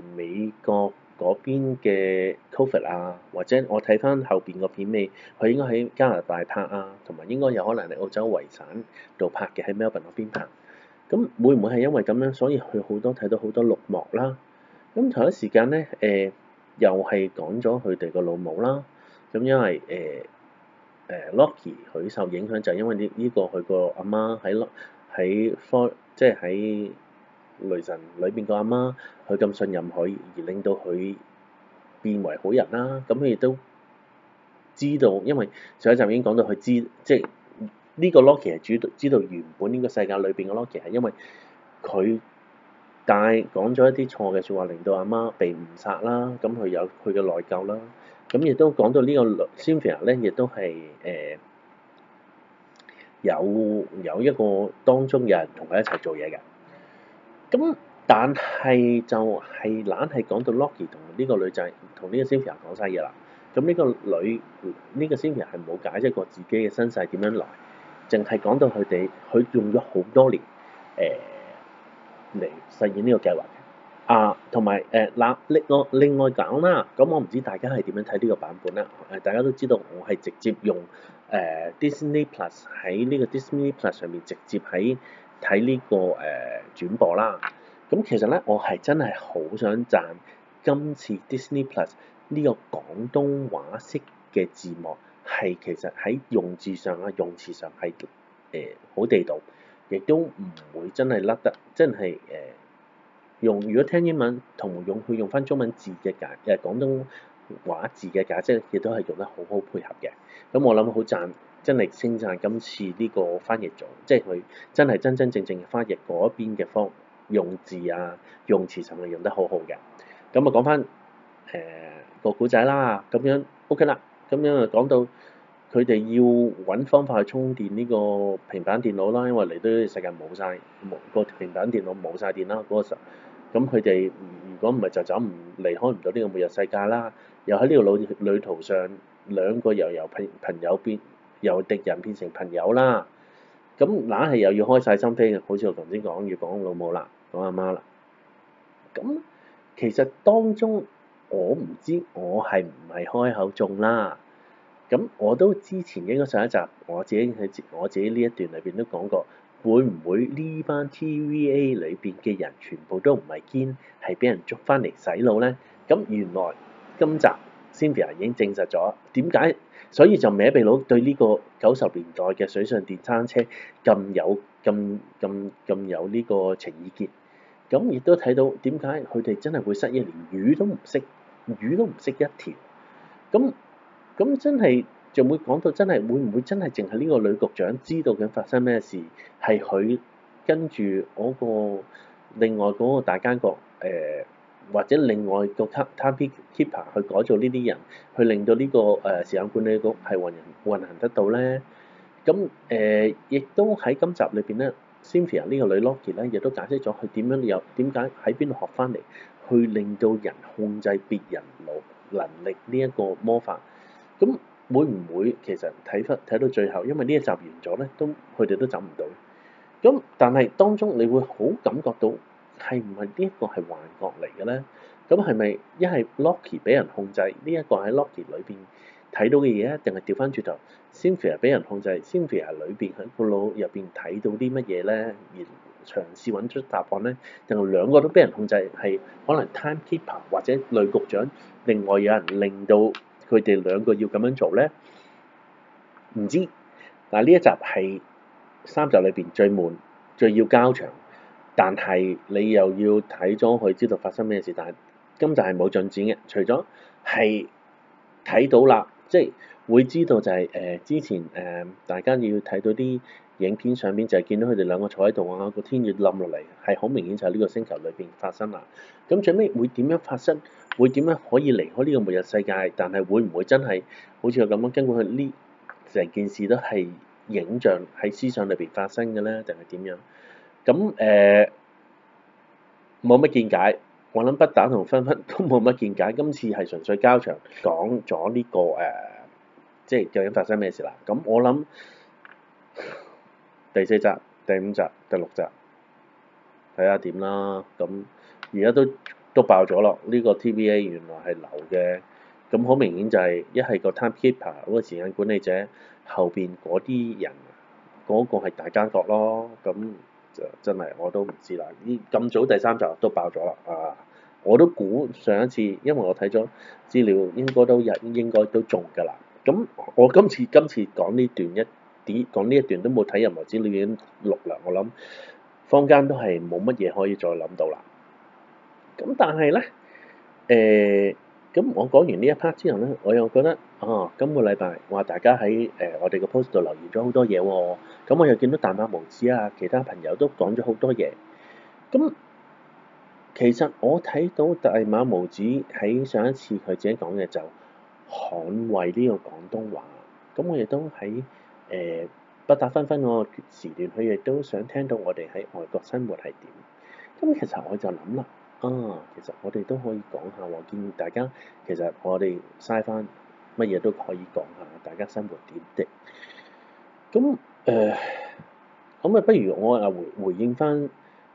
呃、美國？嗰邊嘅 COVID 啊，或者我睇翻後邊個片尾，佢應該喺加拿大拍啊，同埋應該有可能喺澳洲維省度拍嘅喺 Melbourne 嗰邊拍。咁、嗯、會唔會係因為咁樣，所以佢好多睇到好多綠幕啦？咁、嗯、同一時間咧，誒、呃、又係講咗佢哋個老母啦。咁、嗯、因為誒誒、呃呃、Loki 佢受影響就因為呢、這、呢個佢個阿媽喺喺科即係喺。雷神裏邊個阿媽佢咁信任佢，而令到佢變為好人啦。咁佢亦都知道，因為上一集已經講到佢知，即係呢個 Loki 係知道，知道原本呢個世界裏邊個 Loki 係因為佢，但係講咗一啲錯嘅說話令到阿媽被誤殺啦。咁佢有佢嘅內疚啦。咁亦都講到呢個 Synthia 咧，亦都係誒、呃、有有一個當中嘅人同佢一齊做嘢嘅。咁，但係就係懶係講到 Loki 同呢個女仔同呢個 Sylvie 講晒嘢啦。咁呢個女呢、呢個 Sylvie 係冇解釋過自己嘅身世點樣來，淨係講到佢哋佢用咗好多年誒嚟、呃、實現呢個計劃。啊，同埋誒，嗱、呃，另我另外講啦。咁我唔知大家係點樣睇呢個版本啦。誒、呃，大家都知道我係直接用誒、呃、Disney Plus 喺呢個 Disney Plus 上面直接喺。睇呢、這個誒、呃、轉播啦，咁其實咧，我係真係好想讚今次 Disney Plus 呢個廣東話式嘅字幕，係其實喺用字上啊、用詞上係誒、呃、好地道，亦都唔會真係甩得，真係誒、呃、用。如果聽英文同用佢用返中文字嘅解誒、呃、廣東話字嘅解釋，亦都係用得好好配合嘅。咁、嗯、我諗好讚。真係稱讚今次呢個翻譯組，即係佢真係真真正正，正翻譯嗰邊嘅方用字啊、用詞，就係用得好好嘅。咁啊，講翻誒個古仔啦，咁樣 OK 啦，咁樣啊講到佢哋要揾方法去充電呢個平板電腦啦，因為嚟到呢個世界冇晒，嗰個平板電腦冇晒電啦，嗰、嗰個時候咁佢哋如果唔係就走唔離開唔到呢個末日世界啦。又喺呢條路旅途上，兩個又由朋朋友變。由敵人變成朋友啦，咁嗱係又要開晒心扉嘅，好似我頭先講要講老母啦，講阿媽啦。咁其實當中我唔知我係唔係開口中啦，咁我都之前應該上一集我自己喺我自己呢一段裏邊都講過，會唔會呢班 TVA 裏邊嘅人全部都唔係堅，係俾人捉翻嚟洗腦咧？咁原來今集 Cynthia 已經證實咗點解？所以就咩？鼻佬對呢個九十年代嘅水上電餐車咁有咁咁咁有呢個情意結，咁亦都睇到點解佢哋真係會失憶，連魚都唔識，魚都唔識一條。咁咁真係就會講到真係會唔會真係淨係呢個女局長知道緊發生咩事，係佢跟住我個另外嗰個大家角誒？呃或者另外個 Timekeeper 去改造呢啲人，去令到呢、這個誒、呃、時間管理局係運行運行得到咧。咁誒、呃、亦都喺今集裏邊咧，Sylvie 呢個女 Loki 咧，亦都解釋咗佢點樣有點解喺邊度學翻嚟，去令到人控制別人能能力呢一個魔法。咁會唔會其實睇出睇到最後，因為呢一集完咗咧，都佢哋都走唔到。咁但係當中你會好感覺到。係唔係呢一個係幻覺嚟嘅咧？咁係咪一係 Loki 俾人控制？呢一個喺 Loki 裏邊睇到嘅嘢一定係調翻轉頭，Sylvia 俾人控制？Sylvia 喺裏邊喺個腦入邊睇到啲乜嘢咧？而嘗試揾出答案咧，定係兩個都俾人控制，係可能 Timekeeper 或者女局長，另外有人令到佢哋兩個要咁樣做咧？唔知嗱呢一集係三集裏邊最悶、最要交場。但係你又要睇咗佢知道發生咩事，但係今集係冇進展嘅，除咗係睇到啦，即係會知道就係、是、誒、呃、之前誒、呃、大家要睇到啲影片上邊就係、是、見到佢哋兩個坐喺度啊，個天要冧落嚟，係好明顯就係呢個星球裏邊發生啦。咁最尾會點樣發生？會點樣可以離開呢個末日世界？但係會唔會真係好似我咁樣跟住佢呢，成件事都係影像喺思想裏邊發生嘅咧，定係點樣？咁誒冇乜見解，我諗不打同分分都冇乜見解。今次係純粹交場講咗呢個誒、呃，即係究竟發生咩事啦？咁我諗第四集、第五集、第六集睇下點啦。咁而家都都爆咗咯，呢、呢個 TVA 原來係流嘅，咁好明顯就係一係個 Timekeeper 嗰個時間管理者後邊嗰啲人嗰、嗰個係大奸角咯，咁。真係我都唔知啦！依咁早第三集都爆咗啦啊！我都估上一次，因為我睇咗資料，應該都日應該都中㗎啦。咁我今次今次講呢段一啲講呢一段都冇睇任何資料已經錄啦。我諗坊間都係冇乜嘢可以再諗到啦。咁但係咧，誒、呃、咁我講完呢一 part 之後咧，我又覺得。哦，今個禮拜話大家喺誒、呃、我哋個 post 度留言咗好多嘢、哦，咁、嗯、我又見到大馬毛子啊，其他朋友都講咗好多嘢。咁、嗯、其實我睇到大馬毛子喺上一次佢自己講嘅就捍衞呢個廣東話，咁、嗯、我亦都喺誒不打分分個時段，佢亦都想聽到我哋喺外國生活係點。咁、嗯、其實我就諗啦，啊，其實我哋都可以講下喎，我建議大家其實我哋嘥翻。乜嘢都可以講下，大家生活點滴。咁誒，咁、呃、啊，不如我啊回回應翻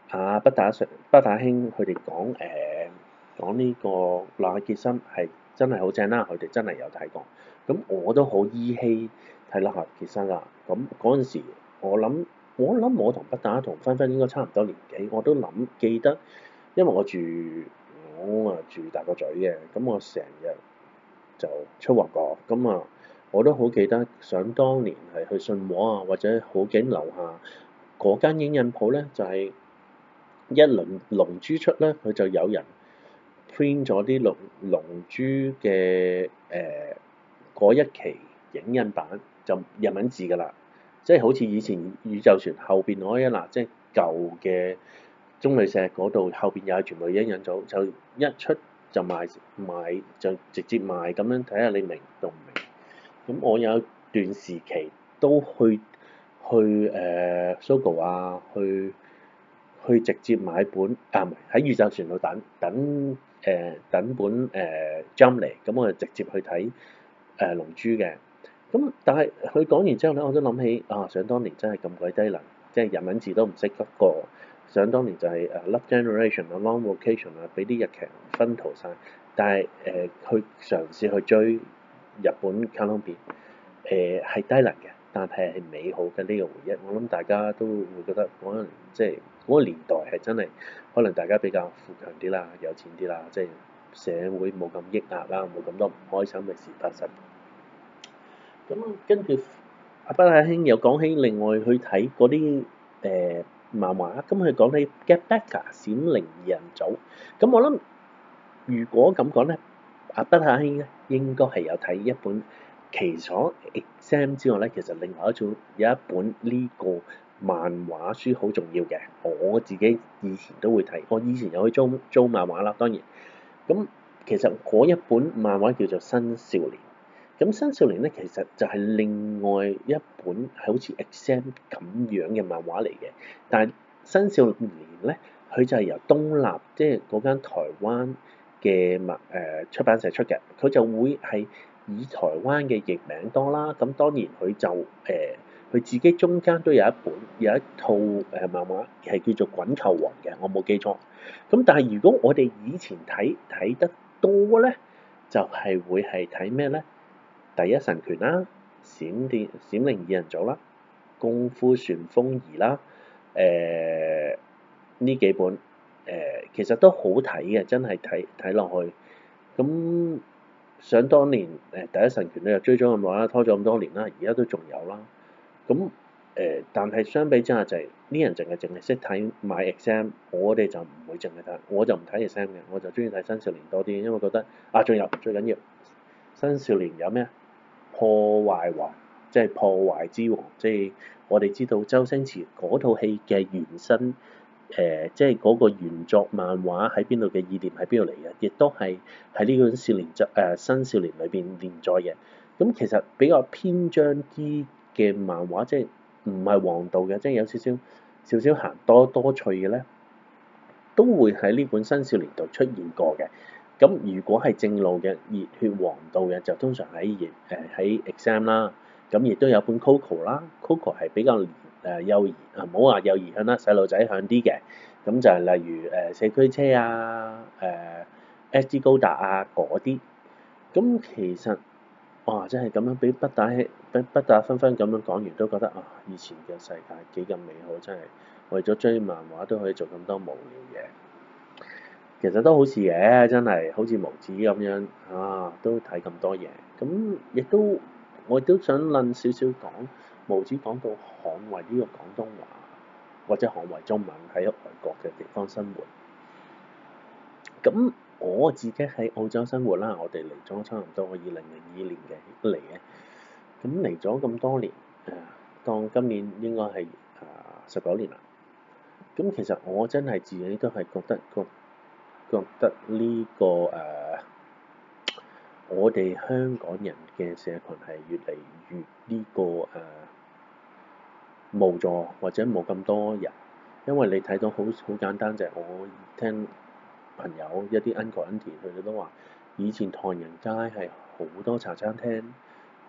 啊，北大常、北大興佢哋講誒講呢個浪客劍心係真係好正啦，佢哋真係有睇過。咁我都好依稀睇浪客劍心啦。咁嗰陣時，我諗我諗我同北大同芬芬應該差唔多年紀，我都諗記得，因為我住我啊住大個嘴嘅，咁我成日就出畫過，咁、嗯、啊，我都好記得，想當年係去信和啊，或者好景樓下間影印鋪咧，就係、是、一輪龍珠出咧，佢就有人 print 咗啲龍龍珠嘅誒、呃、一期影印版就日文字㗎啦，即係好似以前宇宙船後邊嗰一嗱，即係舊嘅鐘麗石嗰度後邊也係全部影印咗，就一出。就賣，賣就直接賣，咁樣睇下你明同唔明？咁我有段時期都去去，誒、呃、Sogo 啊，去去直接買本啊，唔係喺宇宙船度等等，誒、呃、等本誒、呃、Jump 嚟，咁我就直接去睇誒、呃、龍珠嘅。咁但係佢講完之後咧，我都諗起啊，想當年真係咁鬼低能，即係日文字都唔識得個。想當年就係誒 Love Generation 啊、Long Vacation 啊，俾啲日劇分逃曬。但係誒去嘗試去追日本卡通片，誒係、呃、低能嘅，但係係美好嘅呢、這個回憶。我諗大家都會覺得，可能即係嗰、那個年代係真係可能大家比較富強啲啦、有錢啲啦，即係社會冇咁抑壓啦，冇咁多唔開心嘅事發生。咁跟住阿伯阿兄又講起另外去睇嗰啲誒。呃漫畫，咁佢講起 Getbacker 閃靈二人組，咁我諗如果咁講咧，阿德夏興咧應該係有睇一本除咗 exam 之外咧，其實另外一組有一本呢個漫畫書好重要嘅。我自己以前都會睇，我以前有去租租漫畫啦。當然，咁其實嗰一本漫畫叫做《新少年》。咁《新少年》咧，其實就係另外一本係好似 XM 咁樣嘅漫畫嚟嘅。但係《新少年呢》咧，佢就係由東立，即係嗰間台灣嘅漫誒出版社出嘅。佢就會係以台灣嘅譯名多啦。咁當然佢就誒，佢、呃、自己中間都有一本，有一套誒、呃、漫畫係叫做《滾球王》嘅，我冇記錯。咁但係如果我哋以前睇睇得多咧，就係、是、會係睇咩咧？第一神拳啦，閃靈閃靈二人組啦，功夫旋風兒啦，誒、呃、呢幾本誒、呃、其實都好睇嘅，真係睇睇落去。咁想當年誒第一神拳咧又追咗咁耐啦，拖咗咁多年啦，而家都仲有啦。咁誒、呃，但係相比之下就係、是、呢人淨係淨係識睇買 exam，我哋就唔會淨係睇，我就唔睇 exam 嘅，我就中意睇新少年多啲，因為覺得啊，仲有最緊要新少年有咩？破壞王，即係破壞之王。即係我哋知道周星馳嗰套戲嘅原身，誒、呃，即係嗰個原作漫畫喺邊度嘅意念喺邊度嚟嘅，亦都係喺呢本少年誒、呃、新少年裏邊連載嘅。咁、嗯、其實比較篇章啲嘅漫畫，即係唔係王道嘅，即係有少少少少咸多多趣嘅咧，都會喺呢本新少年度出現過嘅。咁如果係正路嘅熱血王道嘅，就通常喺熱誒、呃、喺 exam 啦。咁亦都有本 Coco 啦，Coco 係比較誒、呃、幼兒啊，唔好話幼兒向啦，細路仔向啲嘅。咁就係例如誒四驅車啊、誒、呃、SD 高達啊嗰啲。咁其實，哇！真係咁樣俾不打不不打分分咁樣講完，都覺得啊，以前嘅世界幾咁美好，真係為咗追漫畫都可以做咁多無聊嘢。其實都好似嘅，真係好似毛子咁樣啊，都睇咁多嘢。咁亦都我都想問少少講毛子講到捍衞呢個廣東話或者捍衞中文喺外國嘅地方生活。咁我自己喺澳洲生活啦，我哋嚟咗差唔多二零零二年嘅嚟嘅，咁嚟咗咁多年啊，當今年應該係啊十九年啦。咁其實我真係自己都係覺得個。覺得呢、這個誒，uh，我哋香港人嘅社群係越嚟越呢、這個誒、uh，無助，或者冇咁多人。因為你睇到好好簡單就係、是、我聽朋友一啲 uncle uncle 佢哋都話，以前唐人街係好多茶餐廳，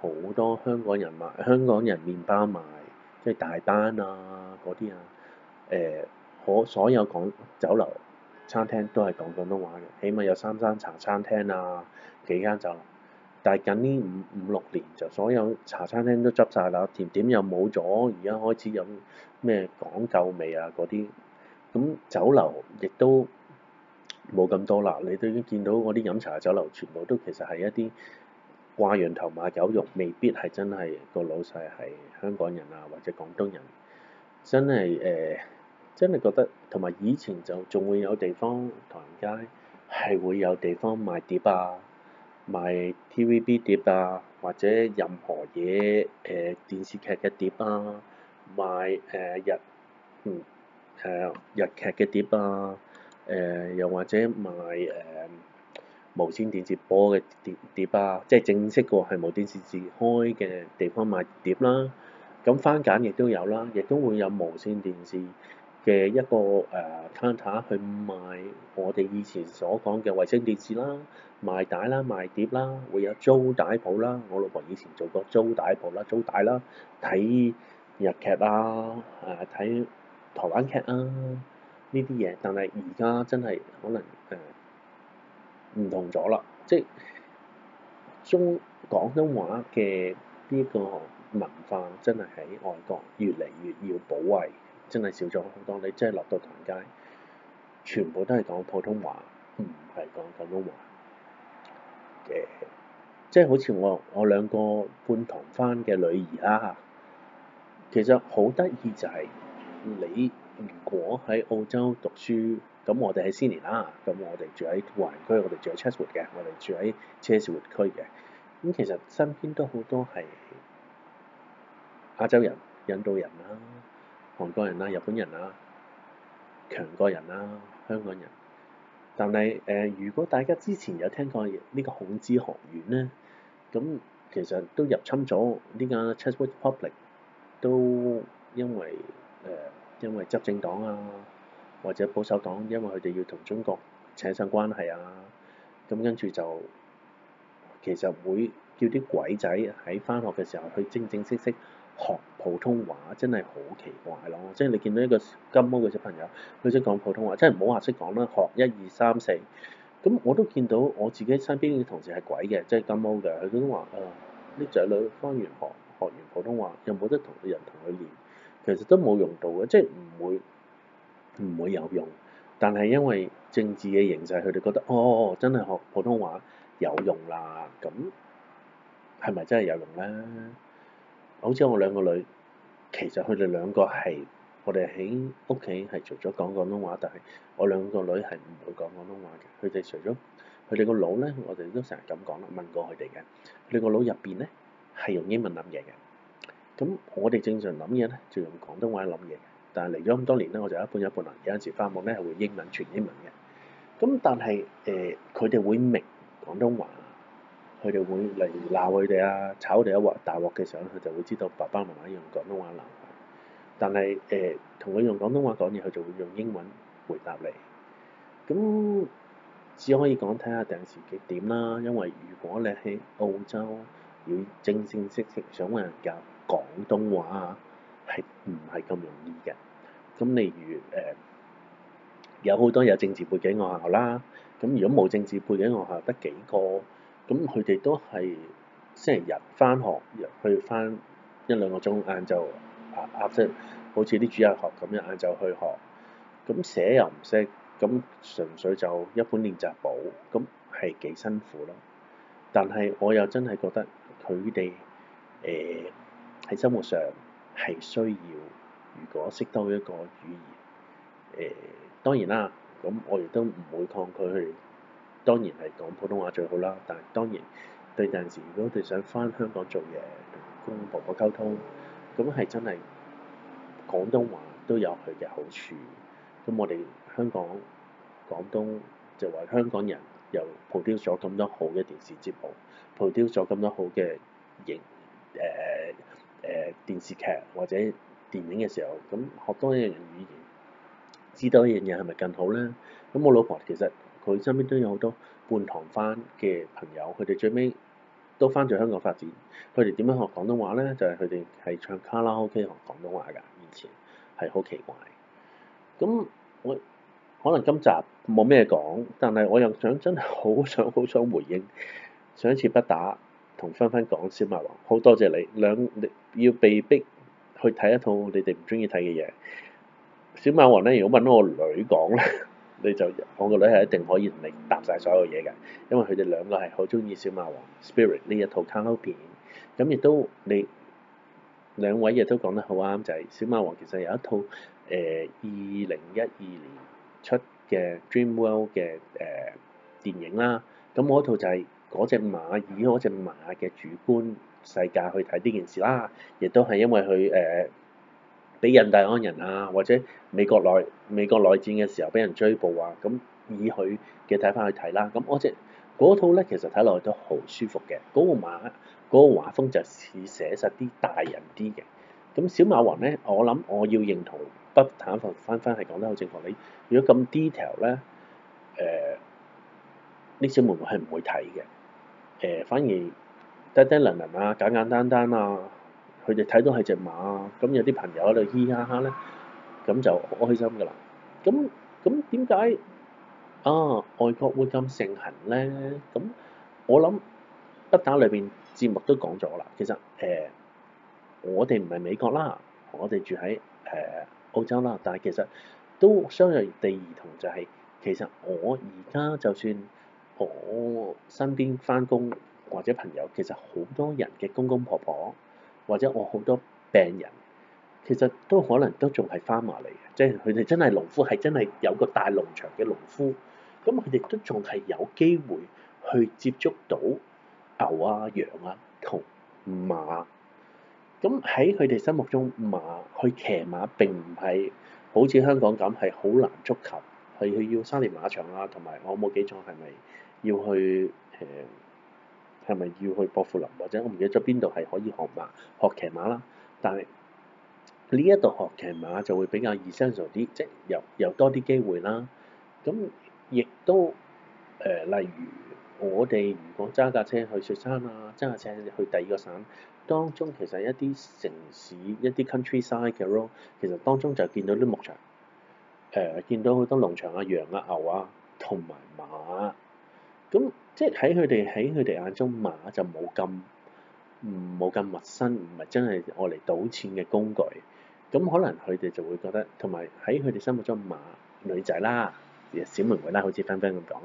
好多香港人賣香港人麵包賣，即係大班啊嗰啲啊誒，可、呃、所有講酒樓。餐廳都係講廣東話嘅，起碼有三間茶餐廳啊，幾間酒樓。但係近呢五五六年，就所有茶餐廳都執晒啦，甜點又冇咗，而家開始飲咩講究味啊嗰啲。咁酒樓亦都冇咁多啦，你都已經見到嗰啲飲茶酒樓，全部都其實係一啲掛羊頭賣狗肉，未必係真係個老細係香港人啊，或者廣東人真係誒。呃真係覺得，同埋以前就仲會有地方，唐人街係會有地方賣碟啊，賣 T V B 碟啊，或者任何嘢誒、呃、電視劇嘅碟啊，賣誒、呃、日嗯、呃、日劇嘅碟啊，誒、呃、又或者賣誒、呃、無線電視播嘅碟碟啊，即係正式嘅喎，係無線電視自開嘅地方賣碟啦。咁番梘亦都有啦，亦都會有無線電視。嘅一個誒攤、uh, 去賣，我哋以前所講嘅衛星電視啦，賣帶啦，賣碟啦，會有租帶鋪啦。我老婆以前做過租帶鋪啦，租帶啦，睇日劇啊，誒睇台灣劇啊，呢啲嘢。但係而家真係可能誒唔、呃、同咗啦，即係中廣東話嘅呢個文化真係喺外國越嚟越要保衞。真係少咗好多，你真係落到唐街，全部都係講普通話，唔係講廣東話嘅。Yeah. 即係好似我我兩個半唐番嘅女兒啦，其實好得意就係、是、你如果喺澳洲讀書，咁我哋喺悉尼啦，咁我哋住喺華人區，我哋住喺 Chatswood 嘅，我哋住喺 Chatswood 區嘅，咁、嗯、其實身邊都好多係亞洲人、印度人啦。韓國人啦、啊、日本人啦、啊、強國人啦、啊、香港人，但係誒、呃，如果大家之前有聽過呢個孔子學院呢，咁其實都入侵咗呢間 Chesapeake Public，都因為誒、呃、因為執政黨啊或者保守黨，因為佢哋要同中國扯上關係啊，咁跟住就其實會叫啲鬼仔喺翻學嘅時候去正正式式學普通話真係好奇怪咯，即係你見到一個金毛嘅小朋友，佢識講普通話，即係唔好話識講啦，學一二三四，咁我都見到我自己身邊嘅同事係鬼嘅，即係金毛嘅，佢都話啊啲仔女返完學學完普通話，又冇得同人同佢練，其實都冇用到嘅，即係唔會唔會有用，但係因為政治嘅形勢，佢哋覺得哦真係學普通話有用啦，咁係咪真係有用咧？好似我，我兩個女，其實佢哋兩個係我哋喺屋企係除咗講廣東話，但係我兩個女係唔會講廣東話嘅。佢哋除咗佢哋個腦咧，我哋都成日咁講啦，問過佢哋嘅，佢哋個腦入邊咧係用英文諗嘢嘅。咁我哋正常諗嘢咧就用廣東話諗嘢，但係嚟咗咁多年咧，我就一半一半啦。有陣時返學咧係會英文，全英文嘅。咁但係誒，佢、呃、哋會明廣東話。佢哋會嚟鬧佢哋啊，炒佢哋一鑊大鑊嘅時候，佢就會知道爸爸媽媽用廣東話鬧。但係誒，同、呃、佢用廣東話講嘢，佢就會用英文回答你。咁只可以講睇下定時幾點啦，因為如果你喺澳洲要正正式式想問人教廣東話啊，係唔係咁容易嘅？咁例如誒、呃，有好多有政治背景學校啦，咁如果冇政治背景學校得幾個？咁佢哋都係星期日翻學入去翻一兩個鐘晏晝啊即係，好似啲主日學咁樣晏晝去學，咁、嗯、寫又唔識，咁、嗯、純粹就一本練習簿，咁、嗯、係幾辛苦咯。但係我又真係覺得佢哋誒喺生活上係需要，如果識多一個語言誒、呃，當然啦，咁我亦都唔會抗拒去。當然係講普通話最好啦，但係當然對陣時，如果我哋想翻香港做嘢，同公公婆婆溝通，咁係真係廣東話都有佢嘅好處。咁我哋香港廣東就話香港人又 produce 咗咁多好嘅電視節目，produce 咗咁多好嘅影誒誒電視劇或者電影嘅時候，咁學多一樣語言，知道一樣嘢係咪更好咧？咁我老婆其實。佢身邊都有好多半唐番嘅朋友，佢哋最尾都返咗香港發展。佢哋點樣學廣東話呢？就係佢哋係唱卡拉 OK 學廣東話㗎。以前係好奇怪。咁我可能今集冇咩講，但係我又想真係好想好想回應，上一次不打同芬芬講小馬王，好多謝你兩，你要被逼去睇一套你哋唔中意睇嘅嘢。小馬王呢，如果問我女講咧？ [laughs] 你就我個女係一定可以同你答晒所有嘢嘅，因為佢哋兩個係好鍾意小馬王 Spirit 呢一套卡通片，咁亦都你兩位亦都講得好啱，就係、是、小馬王其實有一套誒二零一二年出嘅 Dream World 嘅誒、呃、電影啦，咁我嗰套就係嗰隻馬以嗰隻馬嘅主觀世界去睇呢件事啦，亦都係因為佢誒。呃俾印第安人啊，或者美國內美國內戰嘅時候俾人追捕啊，咁以佢嘅睇法去睇啦。咁我即嗰套咧，其實睇落去都好舒服嘅。嗰個馬嗰個畫風就似寫實啲大人啲嘅。咁小馬王咧，我諗我要認同不坦佛翻翻係講得好正確。你如果咁 detail 咧，誒呢小妹妹係唔會睇嘅。誒，反而得得能能啊，簡簡單單啊。佢哋睇到係隻馬，咁有啲朋友喺度嘻哈哈咧，咁就好開心噶啦。咁咁點解啊？外國會咁盛行咧？咁我諗筆打裏邊節目都講咗啦。其實誒、呃，我哋唔係美國啦，我哋住喺誒、呃、澳洲啦，但係其實都相若地同，就係其實我而家就算我身邊返工或者朋友，其實好多人嘅公公婆婆。或者我好多病人，其實都可能都仲係花馬嚟嘅，即係佢哋真係農夫，係真係有個大農場嘅農夫，咁佢哋都仲係有機會去接觸到牛啊、羊啊、同馬。咁喺佢哋心目中，馬去騎馬並唔係好似香港咁係好難觸及，係佢要三年馬場啦，同埋我冇記錯係咪要去誒？呃係咪要去博富林或者我唔記得咗邊度係可以學馬學騎馬啦？但係呢一度學騎馬就會比較 e s s 啲，即係由由多啲機會啦。咁亦都誒、呃，例如我哋如果揸架車去雪山啊，揸架車去第二個省，當中其實一啲城市一啲 country side 嘅 r 其實當中就見到啲牧場，誒、呃、見到好多農場啊、羊啊、牛啊同埋馬，咁。即係喺佢哋喺佢哋眼中馬就冇咁冇咁陌生，唔係真係愛嚟賭錢嘅工具。咁可能佢哋就會覺得，同埋喺佢哋心目中馬女仔啦，小妹妹啦，好似芬芬咁講，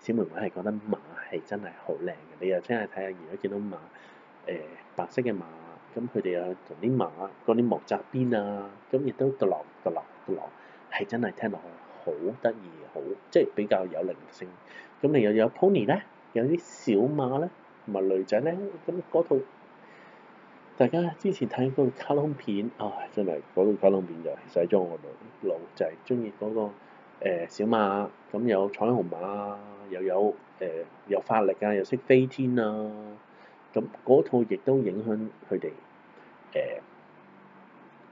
小妹妹係覺得馬係真係好靚嘅。你又真係睇下，而家見到馬，誒，白色嘅馬，咁佢哋又同啲馬講啲木紮辮啊，咁亦都個籮個籮個籮係真係聽落去好得意，好即係比較有靈性。咁你又有 pony 咧？有啲小馬咧，同埋女仔咧，咁嗰套大家之前睇嗰個卡通片啊、哎，真係嗰套卡通片就係洗咗我個腦就係中意嗰個、呃、小馬，咁有彩虹馬，又有誒、呃、有法力啊，又識飛天啊，咁嗰套亦都影響佢哋誒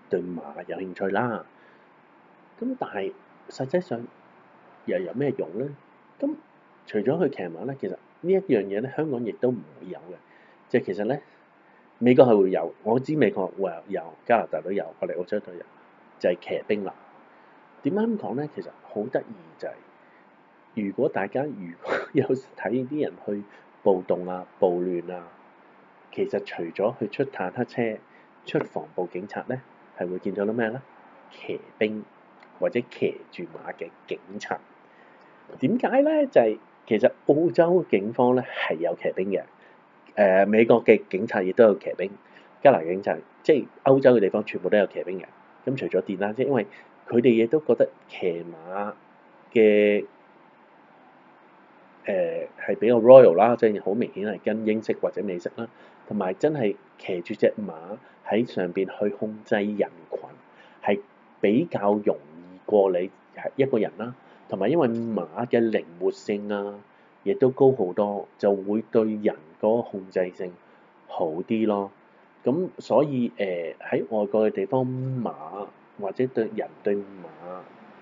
對馬有興趣啦。咁但係實際上又有咩用咧？咁除咗去騎馬咧，其實呢一樣嘢咧，香港亦都唔會有嘅。即係其實咧，美國係會有，我知美國會有，有，加拿大都有，我哋澳洲都有，就係、是、騎兵啦。點解咁講咧？其實好得意就係、是，如果大家如果有睇啲人去暴動啊、暴亂啊，其實除咗去出坦克車、出防暴警察咧，係會見到啲咩咧？騎兵或者騎住馬嘅警察。點解咧？就係、是。其實澳洲警方咧係有騎兵嘅，誒、呃、美國嘅警察亦都有騎兵，加拿大警察，即係歐洲嘅地方全部都有騎兵嘅。咁、嗯、除咗電單車，因為佢哋亦都覺得騎馬嘅誒係比較 royal 啦，即係好明顯係跟英式或者美式啦，同埋真係騎住隻馬喺上邊去控制人群，係比較容易過你一個人啦。同埋因為馬嘅靈活性啊，亦都高好多，就會對人個控制性好啲咯。咁所以誒，喺、呃、外國嘅地方，馬或者對人對馬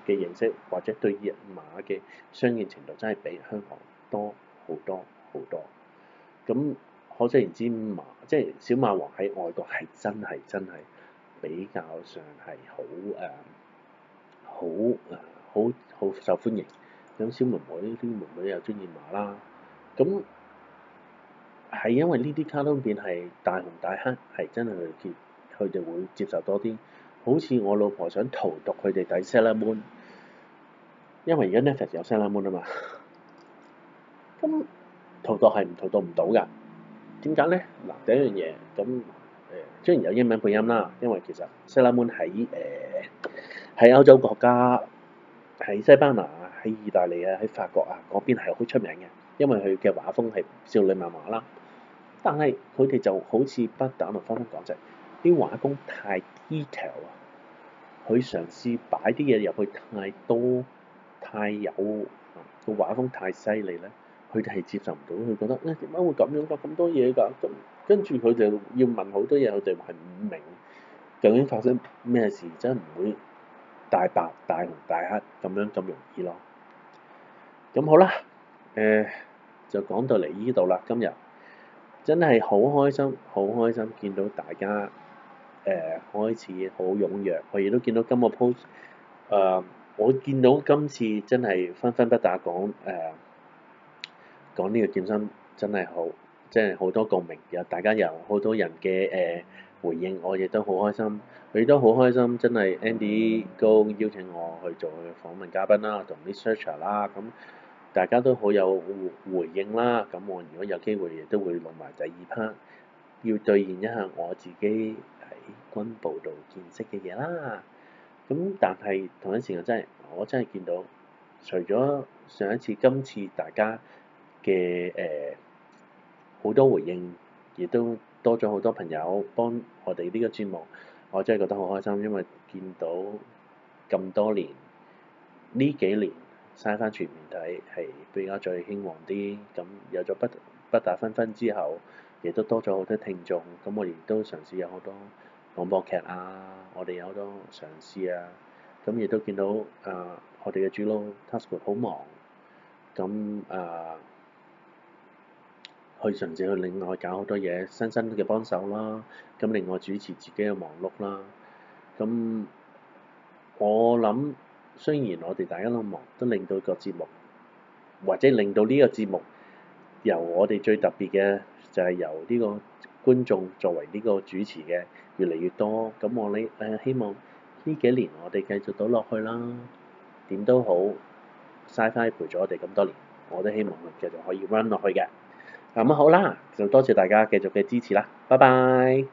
嘅認識，或者對人馬嘅相應程度，真係比香港多好多好多。咁可想而知，馬即係小馬王喺外國係真係真係比較上係好誒，好誒好。好受歡迎，咁小妹妹呢啲妹妹有中意話啦，咁係因為呢啲卡通片係大紅大黑，係真係佢接，佢哋會接受多啲。好似我老婆想荼毒佢哋抵 Salaman，因為而家 Netflix 有 Salaman 啊嘛，咁荼毒係唔荼毒唔到噶。點解咧？嗱，第一樣嘢咁誒，雖然有英文配音啦，因為其實 Salaman 喺誒喺歐洲國家。喺西班牙啊，喺意大利啊，喺法國啊，嗰邊係好出名嘅，因為佢嘅畫風係少女漫畫啦。但係佢哋就好似不單獨方面講，就係啲畫工太 detail 啊，佢嘗試擺啲嘢入去太多、太有個畫、啊、風太犀利咧，佢哋係接受唔到，佢覺得誒點解會咁樣㗎、啊？咁多嘢㗎、啊？咁跟住佢哋要問好多嘢，佢哋係唔明究竟發生咩事，真係唔會。大白、大紅、大黑咁樣咁容易咯。咁好啦，誒、呃、就講到嚟呢度啦。今日真係好開心，好開心見到大家誒、呃、開始好踴躍，我亦都見到今日 post 誒、呃，我見到今次真係分分不打講誒，講、呃、呢個健身真係好，即係好多共鳴，又大家有好多人嘅誒。呃回應，我亦都好開心，佢都好開心，真係 Andy 哥邀請我去做訪問嘉賓啦，同 researcher 啦，咁大家都好有回應啦，咁我如果有機會亦都會錄埋第二 part，要兌現一下我自己喺軍部度見識嘅嘢啦。咁但係同一時間真係，我真係見到，除咗上一次、今次大家嘅誒好多回應，亦都多咗好多朋友幫我哋呢個節目，我真係覺得好開心，因為見到咁多年呢幾年嘥翻全面睇係比較最興旺啲，咁、嗯、有咗不不打分分之後，亦都多咗好多聽眾，咁、嗯、我亦都嘗試有好多廣播劇啊，我哋有好多嘗試啊，咁、嗯、亦都見到誒、呃、我哋嘅主腦 Tasuku 好忙，咁、嗯、誒。呃去嘗試去另外搞好多嘢，新新嘅幫手啦，咁另外主持自己嘅忙碌啦，咁我諗雖然我哋大家都忙，都令到個節目或者令到呢個節目由我哋最特別嘅就係、是、由呢個觀眾作為呢個主持嘅越嚟越多，咁我呢誒、呃、希望呢幾年我哋繼續到落去啦，點都好 Sci-Fi 陪咗我哋咁多年，我都希望繼續可以 run 落去嘅。咁好啦，就多謝大家繼續嘅支持啦，拜拜。